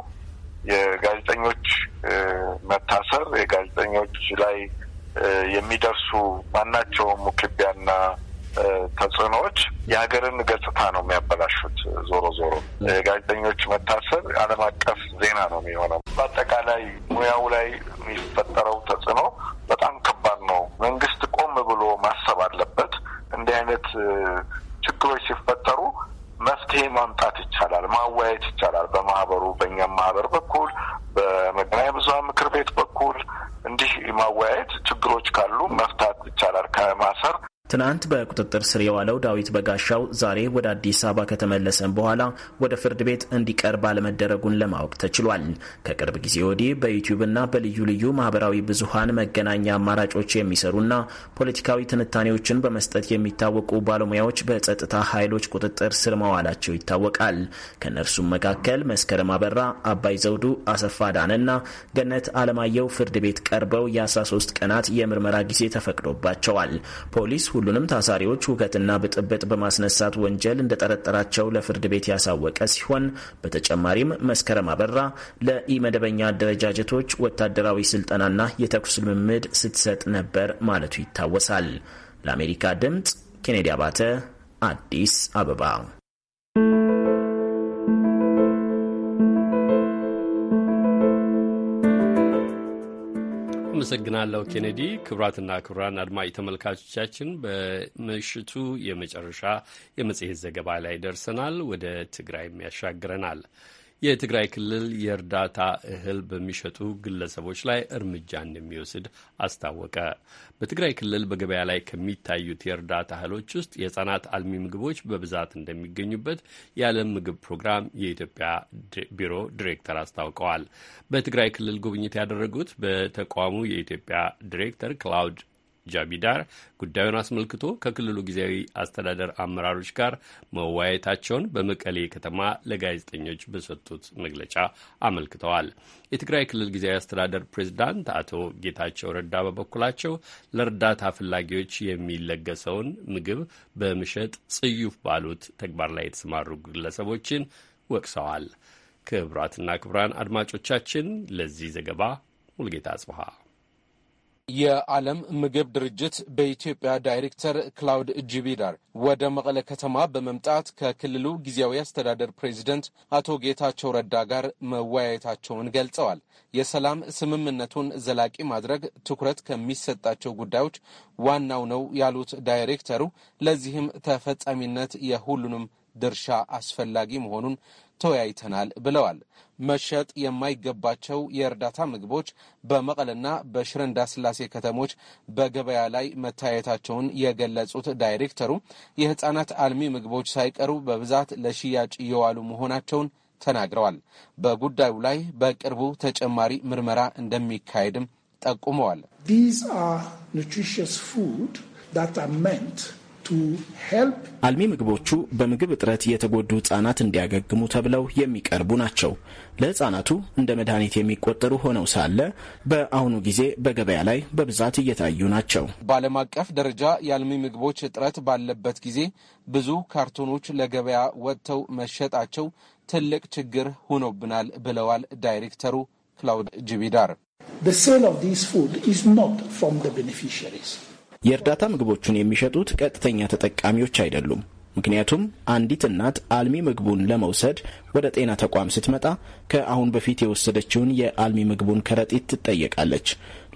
Speaker 14: የጋዜጠኞች መታሰር የጋዜጠኞች ላይ የሚደርሱ ማናቸውም ውክቢያና ተጽዕኖዎች የሀገርን ገጽታ ነው የሚያበላሹት። ዞሮ ዞሮ የጋዜጠኞች መታሰብ ዓለም አቀፍ ዜና ነው የሚሆነው። በአጠቃላይ ሙያው ላይ የሚፈጠረው ተጽዕኖ በጣም ከባድ ነው። መንግስት ቆም ብሎ ማሰብ አለበት። እንዲህ አይነት ችግሮች ሲፈጠሩ መፍትሄ ማምጣት ይቻላል፣ ማወያየት ይቻላል። በማህበሩ በእኛም ማህበር በኩል በመገናኛ ብዙኃን ምክር ቤት በኩል እንዲህ ማወያየት ችግሮች ካሉ መፍታት
Speaker 2: ይቻላል ከማሰር
Speaker 12: ትናንት በቁጥጥር ስር የዋለው ዳዊት በጋሻው ዛሬ ወደ አዲስ አበባ ከተመለሰም በኋላ ወደ ፍርድ ቤት እንዲቀርብ አለመደረጉን ለማወቅ ተችሏል። ከቅርብ ጊዜ ወዲህ በዩቲዩብና በልዩ ልዩ ማህበራዊ ብዙሃን መገናኛ አማራጮች የሚሰሩና ፖለቲካዊ ትንታኔዎችን በመስጠት የሚታወቁ ባለሙያዎች በጸጥታ ኃይሎች ቁጥጥር ስር መዋላቸው ይታወቃል። ከእነርሱም መካከል መስከረም አበራ፣ አባይ ዘውዱ፣ አሰፋ ዳነና ገነት አለማየሁ ፍርድ ቤት ቀርበው የ13 ቀናት የምርመራ ጊዜ ተፈቅዶባቸዋል። ፖሊስ ሁሉንም ታሳሪዎች ሁከትና ብጥብጥ በማስነሳት ወንጀል እንደጠረጠራቸው ለፍርድ ቤት ያሳወቀ ሲሆን በተጨማሪም መስከረም አበራ ለኢመደበኛ አደረጃጀቶች ወታደራዊ ስልጠናና የተኩስ ልምምድ ስትሰጥ ነበር ማለቱ ይታወሳል። ለአሜሪካ ድምፅ ኬኔዲ አባተ አዲስ አበባ
Speaker 1: አመሰግናለሁ ኬኔዲ። ክቡራትና ክቡራን አድማጭ ተመልካቾቻችን በምሽቱ የመጨረሻ የመጽሔት ዘገባ ላይ ደርሰናል። ወደ ትግራይም ያሻግረናል። የትግራይ ክልል የእርዳታ እህል በሚሸጡ ግለሰቦች ላይ እርምጃ እንደሚወስድ አስታወቀ። በትግራይ ክልል በገበያ ላይ ከሚታዩት የእርዳታ እህሎች ውስጥ የህጻናት አልሚ ምግቦች በብዛት እንደሚገኙበት የዓለም ምግብ ፕሮግራም የኢትዮጵያ ቢሮ ዲሬክተር አስታውቀዋል። በትግራይ ክልል ጉብኝት ያደረጉት በተቋሙ የኢትዮጵያ ዲሬክተር ክላውድ ጃቢዳር ጉዳዩን አስመልክቶ ከክልሉ ጊዜያዊ አስተዳደር አመራሮች ጋር መወያየታቸውን በመቀሌ ከተማ ለጋዜጠኞች በሰጡት መግለጫ አመልክተዋል። የትግራይ ክልል ጊዜያዊ አስተዳደር ፕሬዚዳንት አቶ ጌታቸው ረዳ በበኩላቸው ለእርዳታ ፈላጊዎች የሚለገሰውን ምግብ በመሸጥ ጽዩፍ ባሉት ተግባር ላይ የተሰማሩ ግለሰቦችን ወቅሰዋል። ክቡራትና ክቡራን አድማጮቻችን ለዚህ ዘገባ ሙልጌታ አጽብሃ
Speaker 6: የዓለም ምግብ ድርጅት በኢትዮጵያ ዳይሬክተር ክላውድ ጂቢዳር ወደ መቀለ ከተማ በመምጣት ከክልሉ ጊዜያዊ አስተዳደር ፕሬዚደንት አቶ ጌታቸው ረዳ ጋር መወያየታቸውን ገልጸዋል። የሰላም ስምምነቱን ዘላቂ ማድረግ ትኩረት ከሚሰጣቸው ጉዳዮች ዋናው ነው ያሉት ዳይሬክተሩ ለዚህም ተፈጻሚነት የሁሉንም ድርሻ አስፈላጊ መሆኑን ተወያይተናል ብለዋል። መሸጥ የማይገባቸው የእርዳታ ምግቦች በመቀለና በሽረ እንዳስላሴ ከተሞች በገበያ ላይ መታየታቸውን የገለጹት ዳይሬክተሩ የህጻናት አልሚ ምግቦች ሳይቀሩ በብዛት ለሽያጭ እየዋሉ መሆናቸውን ተናግረዋል። በጉዳዩ ላይ በቅርቡ ተጨማሪ ምርመራ እንደሚካሄድም ጠቁመዋል።
Speaker 12: አልሚ ምግቦቹ በምግብ እጥረት የተጎዱ ህጻናት እንዲያገግሙ ተብለው የሚቀርቡ ናቸው። ለህጻናቱ እንደ መድኃኒት የሚቆጠሩ ሆነው ሳለ በአሁኑ ጊዜ በገበያ ላይ በብዛት እየታዩ ናቸው።
Speaker 6: በዓለም አቀፍ ደረጃ የአልሚ ምግቦች እጥረት ባለበት ጊዜ ብዙ ካርቶኖች ለገበያ ወጥተው መሸጣቸው ትልቅ ችግር ሆኖብናል ብለዋል ዳይሬክተሩ ክላውድ ጅቢዳር።
Speaker 12: የእርዳታ ምግቦቹን የሚሸጡት ቀጥተኛ ተጠቃሚዎች አይደሉም። ምክንያቱም አንዲት እናት አልሚ ምግቡን ለመውሰድ ወደ ጤና ተቋም ስትመጣ ከአሁን በፊት የወሰደችውን የአልሚ ምግቡን ከረጢት ትጠየቃለች።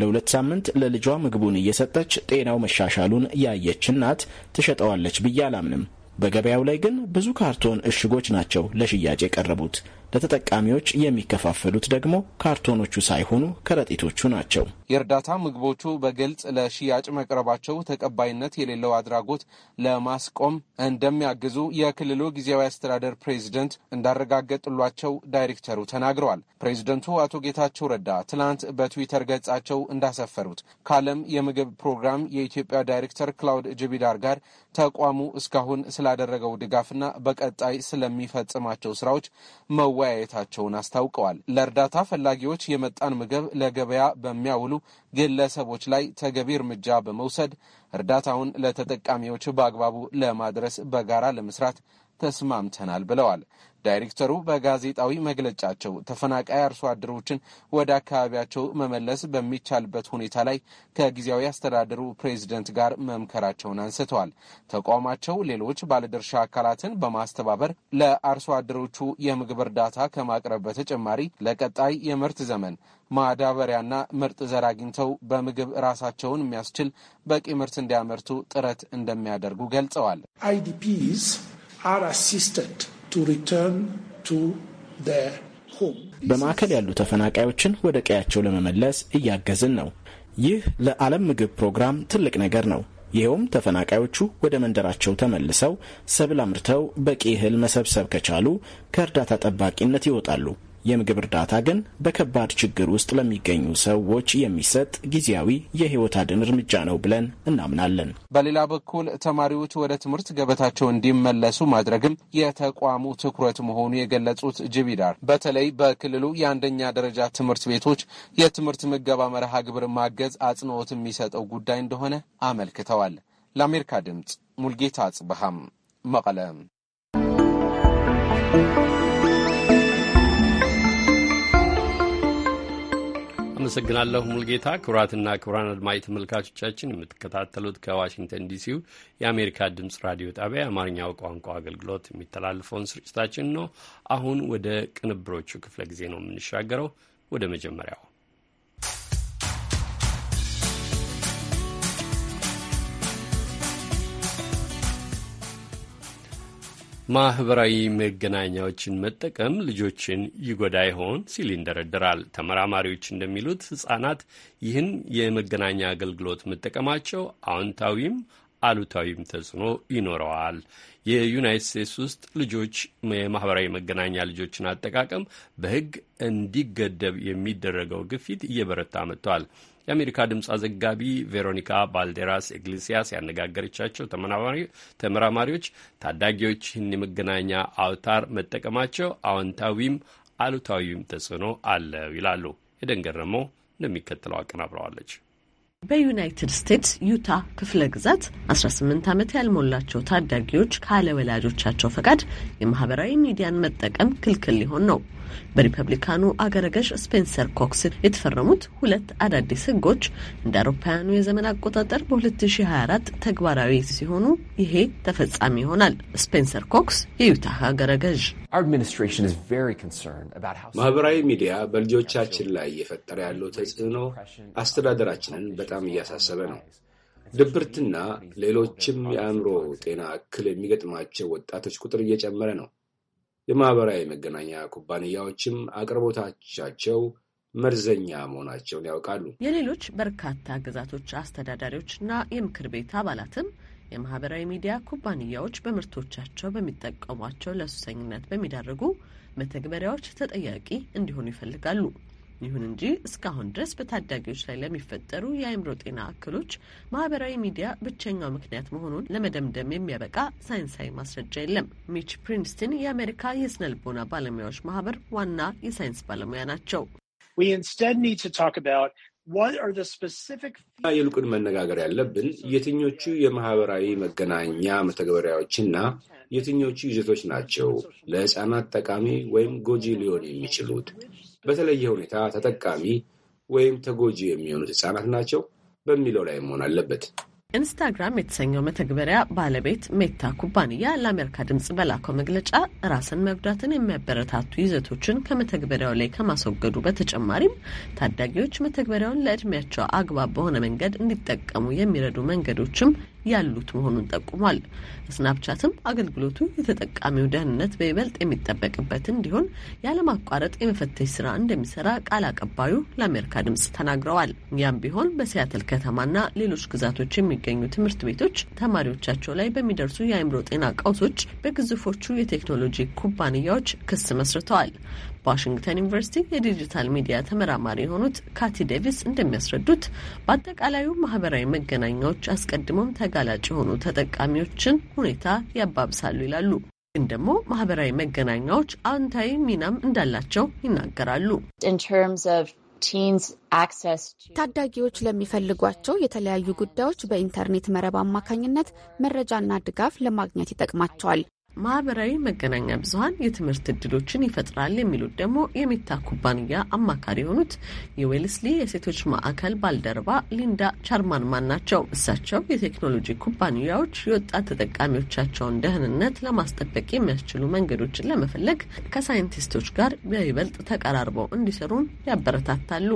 Speaker 12: ለሁለት ሳምንት ለልጇ ምግቡን እየሰጠች ጤናው መሻሻሉን ያየች እናት ትሸጠዋለች ብዬ አላምንም። በገበያው ላይ ግን ብዙ ካርቶን እሽጎች ናቸው ለሽያጭ የቀረቡት። ለተጠቃሚዎች የሚከፋፈሉት ደግሞ ካርቶኖቹ ሳይሆኑ ከረጢቶቹ ናቸው።
Speaker 6: የእርዳታ ምግቦቹ በግልጽ ለሽያጭ መቅረባቸው ተቀባይነት የሌለው አድራጎት ለማስቆም እንደሚያግዙ የክልሉ ጊዜያዊ አስተዳደር ፕሬዚደንት እንዳረጋገጥሏቸው ዳይሬክተሩ ተናግረዋል። ፕሬዚደንቱ አቶ ጌታቸው ረዳ ትናንት በትዊተር ገጻቸው እንዳሰፈሩት ከዓለም የምግብ ፕሮግራም የኢትዮጵያ ዳይሬክተር ክላውድ ጅቢዳር ጋር ተቋሙ እስካሁን ስላደረገው ድጋፍና በቀጣይ ስለሚፈጽማቸው ስራዎች መወ መወያየታቸውን አስታውቀዋል። ለእርዳታ ፈላጊዎች የመጣን ምግብ ለገበያ በሚያውሉ ግለሰቦች ላይ ተገቢ እርምጃ በመውሰድ እርዳታውን ለተጠቃሚዎች በአግባቡ ለማድረስ በጋራ ለመስራት ተስማምተናል ብለዋል። ዳይሬክተሩ በጋዜጣዊ መግለጫቸው ተፈናቃይ አርሶ አደሮችን ወደ አካባቢያቸው መመለስ በሚቻልበት ሁኔታ ላይ ከጊዜያዊ አስተዳደሩ ፕሬዚደንት ጋር መምከራቸውን አንስተዋል። ተቋማቸው ሌሎች ባለድርሻ አካላትን በማስተባበር ለአርሶ አደሮቹ የምግብ እርዳታ ከማቅረብ በተጨማሪ ለቀጣይ የምርት ዘመን ማዳበሪያና ምርጥ ዘር አግኝተው በምግብ ራሳቸውን የሚያስችል በቂ ምርት እንዲያመርቱ ጥረት እንደሚያደርጉ ገልጸዋል።
Speaker 4: are assisted to return to their home. በማዕከል
Speaker 12: ያሉ ተፈናቃዮችን ወደ ቀያቸው ለመመለስ እያገዝን ነው። ይህ ለዓለም ምግብ ፕሮግራም ትልቅ ነገር ነው። ይኸውም ተፈናቃዮቹ ወደ መንደራቸው ተመልሰው ሰብል አምርተው በቂ እህል መሰብሰብ ከቻሉ ከእርዳታ ጠባቂነት ይወጣሉ። የምግብ እርዳታ ግን በከባድ ችግር ውስጥ ለሚገኙ ሰዎች የሚሰጥ ጊዜያዊ የህይወት አድን እርምጃ ነው ብለን እናምናለን።
Speaker 6: በሌላ በኩል ተማሪዎች ወደ ትምህርት ገበታቸው እንዲመለሱ ማድረግም የተቋሙ ትኩረት መሆኑ የገለጹት ጅቢዳር በተለይ በክልሉ የአንደኛ ደረጃ ትምህርት ቤቶች የትምህርት ምገባ መርሃ ግብር ማገዝ አጽንኦት የሚሰጠው ጉዳይ እንደሆነ አመልክተዋል። ለአሜሪካ ድምፅ ሙልጌታ አጽበሃም መቀለም
Speaker 1: አመሰግናለሁ ሙልጌታ። ክቡራትና ክቡራን አድማጭ ተመልካቾቻችን የምትከታተሉት ከዋሽንግተን ዲሲው የአሜሪካ ድምፅ ራዲዮ ጣቢያ የአማርኛው ቋንቋ አገልግሎት የሚተላልፈውን ስርጭታችን ነው። አሁን ወደ ቅንብሮቹ ክፍለ ጊዜ ነው የምንሻገረው። ወደ መጀመሪያው ማኅበራዊ መገናኛዎችን መጠቀም ልጆችን ይጎዳ ይሆን ሲል ይንደረድራል። ተመራማሪዎች እንደሚሉት ሕጻናት ይህን የመገናኛ አገልግሎት መጠቀማቸው አዎንታዊም አሉታዊም ተጽዕኖ ይኖረዋል። የዩናይት ስቴትስ ውስጥ ልጆች የማኅበራዊ መገናኛ ልጆችን አጠቃቀም በሕግ እንዲገደብ የሚደረገው ግፊት እየበረታ መጥቷል። የአሜሪካ ድምፅ ዘጋቢ ቬሮኒካ ባልዴራስ ኢግሊሲያስ ያነጋገረቻቸው ተመራማሪዎች ታዳጊዎች ይህን የመገናኛ አውታር መጠቀማቸው አዎንታዊም አሉታዊም ተጽዕኖ አለው ይላሉ። የደንገረመው እንደሚከተለው አቀናብረዋለች።
Speaker 15: በዩናይትድ
Speaker 1: ስቴትስ ዩታ ክፍለ ግዛት
Speaker 15: 18 ዓመት ያልሞላቸው ታዳጊዎች ካለ ወላጆቻቸው ፈቃድ የማህበራዊ ሚዲያን መጠቀም ክልክል ሊሆን ነው። በሪፐብሊካኑ አገረ ገዥ ስፔንሰር ኮክስ የተፈረሙት ሁለት አዳዲስ ህጎች እንደ አውሮፓውያኑ የዘመን አቆጣጠር በ2024 ተግባራዊ ሲሆኑ ይሄ ተፈጻሚ ይሆናል። ስፔንሰር ኮክስ የዩታ አገረ
Speaker 5: ማህበራዊ ሚዲያ በልጆቻችን ላይ እየፈጠረ ያለው ተጽዕኖ አስተዳደራችንን በጣም እያሳሰበ ነው። ድብርትና ሌሎችም የአእምሮ ጤና እክል የሚገጥማቸው ወጣቶች ቁጥር እየጨመረ ነው። የማህበራዊ መገናኛ ኩባንያዎችም አቅርቦታቻቸው መርዘኛ
Speaker 15: መሆናቸውን ያውቃሉ። የሌሎች በርካታ ግዛቶች አስተዳዳሪዎችና የምክር ቤት አባላትም የማህበራዊ ሚዲያ ኩባንያዎች በምርቶቻቸው በሚጠቀሟቸው ለሱሰኝነት በሚዳርጉ መተግበሪያዎች ተጠያቂ እንዲሆኑ ይፈልጋሉ። ይሁን እንጂ እስካሁን ድረስ በታዳጊዎች ላይ ለሚፈጠሩ የአእምሮ ጤና እክሎች ማህበራዊ ሚዲያ ብቸኛው ምክንያት መሆኑን ለመደምደም የሚያበቃ ሳይንሳዊ ማስረጃ የለም። ሚች ፕሪንስትን የአሜሪካ የስነ ልቦና ባለሙያዎች ማህበር ዋና የሳይንስ ባለሙያ ናቸው። We instead
Speaker 3: need to talk about
Speaker 5: ይልቁን መነጋገር ያለብን የትኞቹ የማህበራዊ መገናኛ መተግበሪያዎችና የትኞቹ ይዘቶች ናቸው ለህፃናት ጠቃሚ ወይም ጎጂ ሊሆን የሚችሉት፣ በተለየ ሁኔታ ተጠቃሚ ወይም ተጎጂ የሚሆኑት ህፃናት ናቸው በሚለው ላይ መሆን አለበት።
Speaker 15: ኢንስታግራም የተሰኘው መተግበሪያ ባለቤት ሜታ ኩባንያ ለአሜሪካ ድምጽ በላከው መግለጫ ራስን መጉዳትን የሚያበረታቱ ይዘቶችን ከመተግበሪያው ላይ ከማስወገዱ በተጨማሪም ታዳጊዎች መተግበሪያውን ለእድሜያቸው አግባብ በሆነ መንገድ እንዲጠቀሙ የሚረዱ መንገዶችም ያሉት መሆኑን ጠቁሟል። ስናፕቻትም አገልግሎቱ የተጠቃሚው ደህንነት በይበልጥ የሚጠበቅበት እንዲሆን ያለማቋረጥ የመፈተሽ ስራ እንደሚሰራ ቃል አቀባዩ ለአሜሪካ ድምጽ ተናግረዋል። ያም ቢሆን በሲያትል ከተማና ሌሎች ግዛቶች የሚገኙ ትምህርት ቤቶች ተማሪዎቻቸው ላይ በሚደርሱ የአእምሮ ጤና ቀውሶች በግዙፎቹ የቴክኖሎጂ ኩባንያዎች ክስ መስርተዋል። በዋሽንግተን ዩኒቨርሲቲ የዲጂታል ሚዲያ ተመራማሪ የሆኑት ካቲ ዴቪስ እንደሚያስረዱት በአጠቃላዩ ማህበራዊ መገናኛዎች አስቀድሞም ተጋላጭ የሆኑ ተጠቃሚዎችን ሁኔታ ያባብሳሉ ይላሉ። ግን ደግሞ ማህበራዊ መገናኛዎች አዎንታዊ ሚናም እንዳላቸው ይናገራሉ።
Speaker 9: ታዳጊዎች ለሚፈልጓቸው የተለያዩ ጉዳዮች በኢንተርኔት መረብ አማካኝነት መረጃና ድጋፍ ለማግኘት ይጠቅማቸዋል። ማህበራዊ
Speaker 15: መገናኛ ብዙሀን የትምህርት እድሎችን ይፈጥራል የሚሉት ደግሞ የሜታ ኩባንያ አማካሪ የሆኑት የዌልስሊ የሴቶች ማዕከል ባልደረባ ሊንዳ ቻርማንማን ናቸው። እሳቸው የቴክኖሎጂ ኩባንያዎች የወጣት ተጠቃሚዎቻቸውን ደህንነት ለማስጠበቅ የሚያስችሉ መንገዶችን ለመፈለግ ከሳይንቲስቶች ጋር በይበልጥ ተቀራርበው እንዲሰሩም ያበረታታሉ።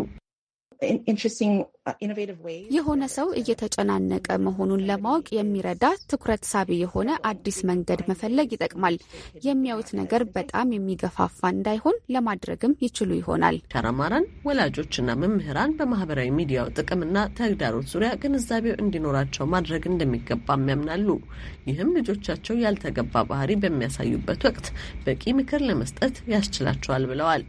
Speaker 9: Uh, የሆነ ሰው እየተጨናነቀ መሆኑን ለማወቅ የሚረዳ ትኩረት ሳቢ የሆነ አዲስ መንገድ መፈለግ ይጠቅማል። የሚያዩት ነገር በጣም የሚገፋፋ እንዳይሆን ለማድረግም ይችሉ ይሆናል።
Speaker 15: ተራማራን ወላጆችና መምህራን በማህበራዊ ሚዲያው ጥቅምና ተግዳሮት ዙሪያ ግንዛቤው እንዲኖራቸው ማድረግ እንደሚገባም ያምናሉ። ይህም ልጆቻቸው ያልተገባ ባህሪ በሚያሳዩበት ወቅት በቂ ምክር ለመስጠት ያስችላቸዋል ብለዋል።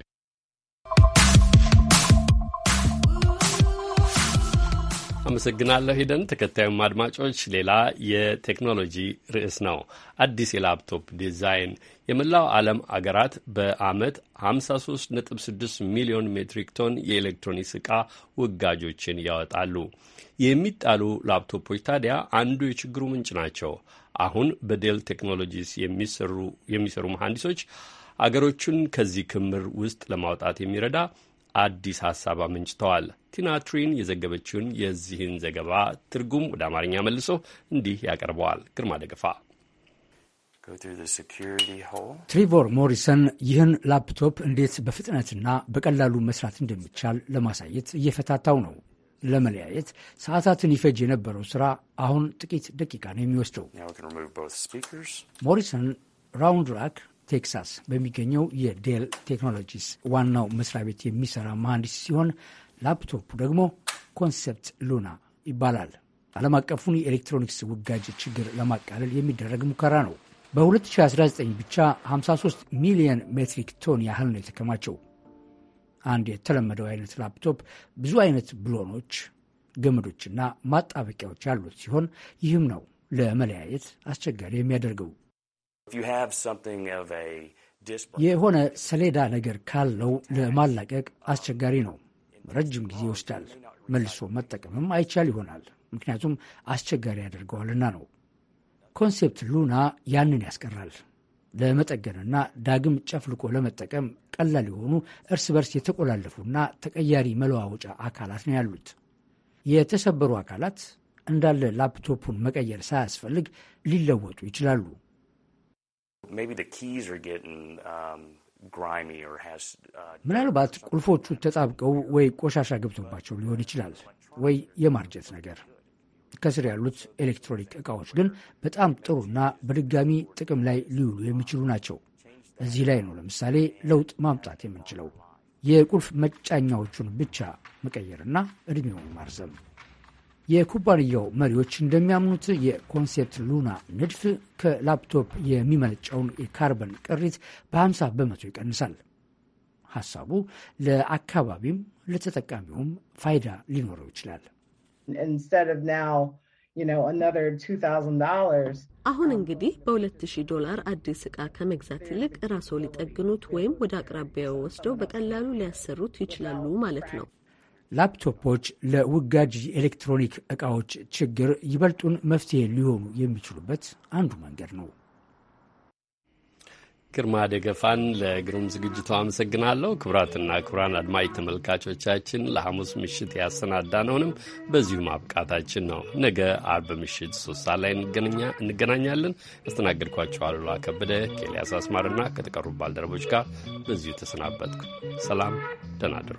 Speaker 1: አመሰግናለሁ ሂደን። ተከታዩም አድማጮች ሌላ የቴክኖሎጂ ርዕስ ነው። አዲስ የላፕቶፕ ዲዛይን የመላው ዓለም አገራት በአመት 53.6 ሚሊዮን ሜትሪክ ቶን የኤሌክትሮኒክስ ዕቃ ውጋጆችን ያወጣሉ። የሚጣሉ ላፕቶፖች ታዲያ አንዱ የችግሩ ምንጭ ናቸው። አሁን በዴል ቴክኖሎጂስ የሚሰሩ መሐንዲሶች አገሮቹን ከዚህ ክምር ውስጥ ለማውጣት የሚረዳ አዲስ ሀሳብ አመንጭተዋል። ትሪን የዘገበችውን የዚህን ዘገባ ትርጉም ወደ አማርኛ መልሶ እንዲህ ያቀርበዋል ግርማ ደገፋ።
Speaker 16: ትሪቮር ሞሪሰን ይህን ላፕቶፕ እንዴት በፍጥነትና በቀላሉ መስራት እንደሚቻል ለማሳየት እየፈታታው ነው። ለመለያየት ሰዓታትን ይፈጅ የነበረው ስራ አሁን ጥቂት ደቂቃ ነው የሚወስደው። ሞሪሰን ራውንድ ራክ ቴክሳስ በሚገኘው የዴል ቴክኖሎጂስ ዋናው መስሪያ ቤት የሚሰራ መሐንዲስ ሲሆን ላፕቶፕ ደግሞ ኮንሴፕት ሉና ይባላል። ዓለም አቀፉን የኤሌክትሮኒክስ ውጋጅ ችግር ለማቃለል የሚደረግ ሙከራ ነው። በ2019 ብቻ 53 ሚሊዮን ሜትሪክ ቶን ያህል ነው የተከማቸው። አንድ የተለመደው አይነት ላፕቶፕ ብዙ አይነት ብሎኖች፣ ገመዶችና ማጣበቂያዎች ያሉት ሲሆን ይህም ነው ለመለያየት አስቸጋሪ የሚያደርገው። የሆነ ሰሌዳ ነገር ካለው ለማላቀቅ አስቸጋሪ ነው፣ ረጅም ጊዜ ይወስዳል። መልሶ መጠቀምም አይቻል ይሆናል፣ ምክንያቱም አስቸጋሪ ያደርገዋልና ነው። ኮንሴፕት ሉና ያንን ያስቀራል። ለመጠገንና ዳግም ጨፍልቆ ለመጠቀም ቀላል የሆኑ እርስ በርስ የተቆላለፉና ተቀያሪ መለዋወጫ አካላት ነው ያሉት። የተሰበሩ አካላት እንዳለ ላፕቶፑን መቀየር ሳያስፈልግ ሊለወጡ ይችላሉ።
Speaker 14: Um, uh,
Speaker 16: ምናልባት ቁልፎቹ ተጣብቀው ወይ ቆሻሻ ገብቶባቸው ሊሆን ይችላል፣ ወይ የማርጀት ነገር። ከስር ያሉት ኤሌክትሮኒክ እቃዎች ግን በጣም ጥሩና በድጋሚ ጥቅም ላይ ሊውሉ የሚችሉ ናቸው። እዚህ ላይ ነው ለምሳሌ ለውጥ ማምጣት የምንችለው የቁልፍ መጫኛዎቹን ብቻ መቀየርና እድሜውን ማርዘም። የኩባንያው መሪዎች እንደሚያምኑት የኮንሴፕት ሉና ንድፍ ከላፕቶፕ የሚመነጨውን የካርበን ቅሪት በ50 በመቶ ይቀንሳል። ሀሳቡ ለአካባቢም ለተጠቃሚውም ፋይዳ ሊኖረው ይችላል።
Speaker 15: አሁን እንግዲህ በ2000 ዶላር አዲስ ዕቃ ከመግዛት ይልቅ ራስዎ ሊጠግኑት ወይም ወደ አቅራቢያው ወስደው በቀላሉ ሊያሰሩት ይችላሉ ማለት ነው።
Speaker 16: ላፕቶፖች ለውጋጅ የኤሌክትሮኒክ እቃዎች ችግር ይበልጡን መፍትሄ ሊሆኑ የሚችሉበት አንዱ መንገድ ነው። ግርማ
Speaker 1: ደገፋን ለግሩም ዝግጅቱ አመሰግናለሁ። ክቡራትና ክቡራን አድማጭ ተመልካቾቻችን ለሐሙስ ምሽት ያሰናዳነውንም በዚሁ ማብቃታችን ነው። ነገ አርብ ምሽት ሶስት ሰዓት ላይ እንገናኛለን። ያስተናገድኳቸው አሉላ ከበደ ከኤልያስ አስማርና ከተቀሩ ባልደረቦች ጋር በዚሁ ተሰናበትኩ። ሰላም ደህና እደሩ።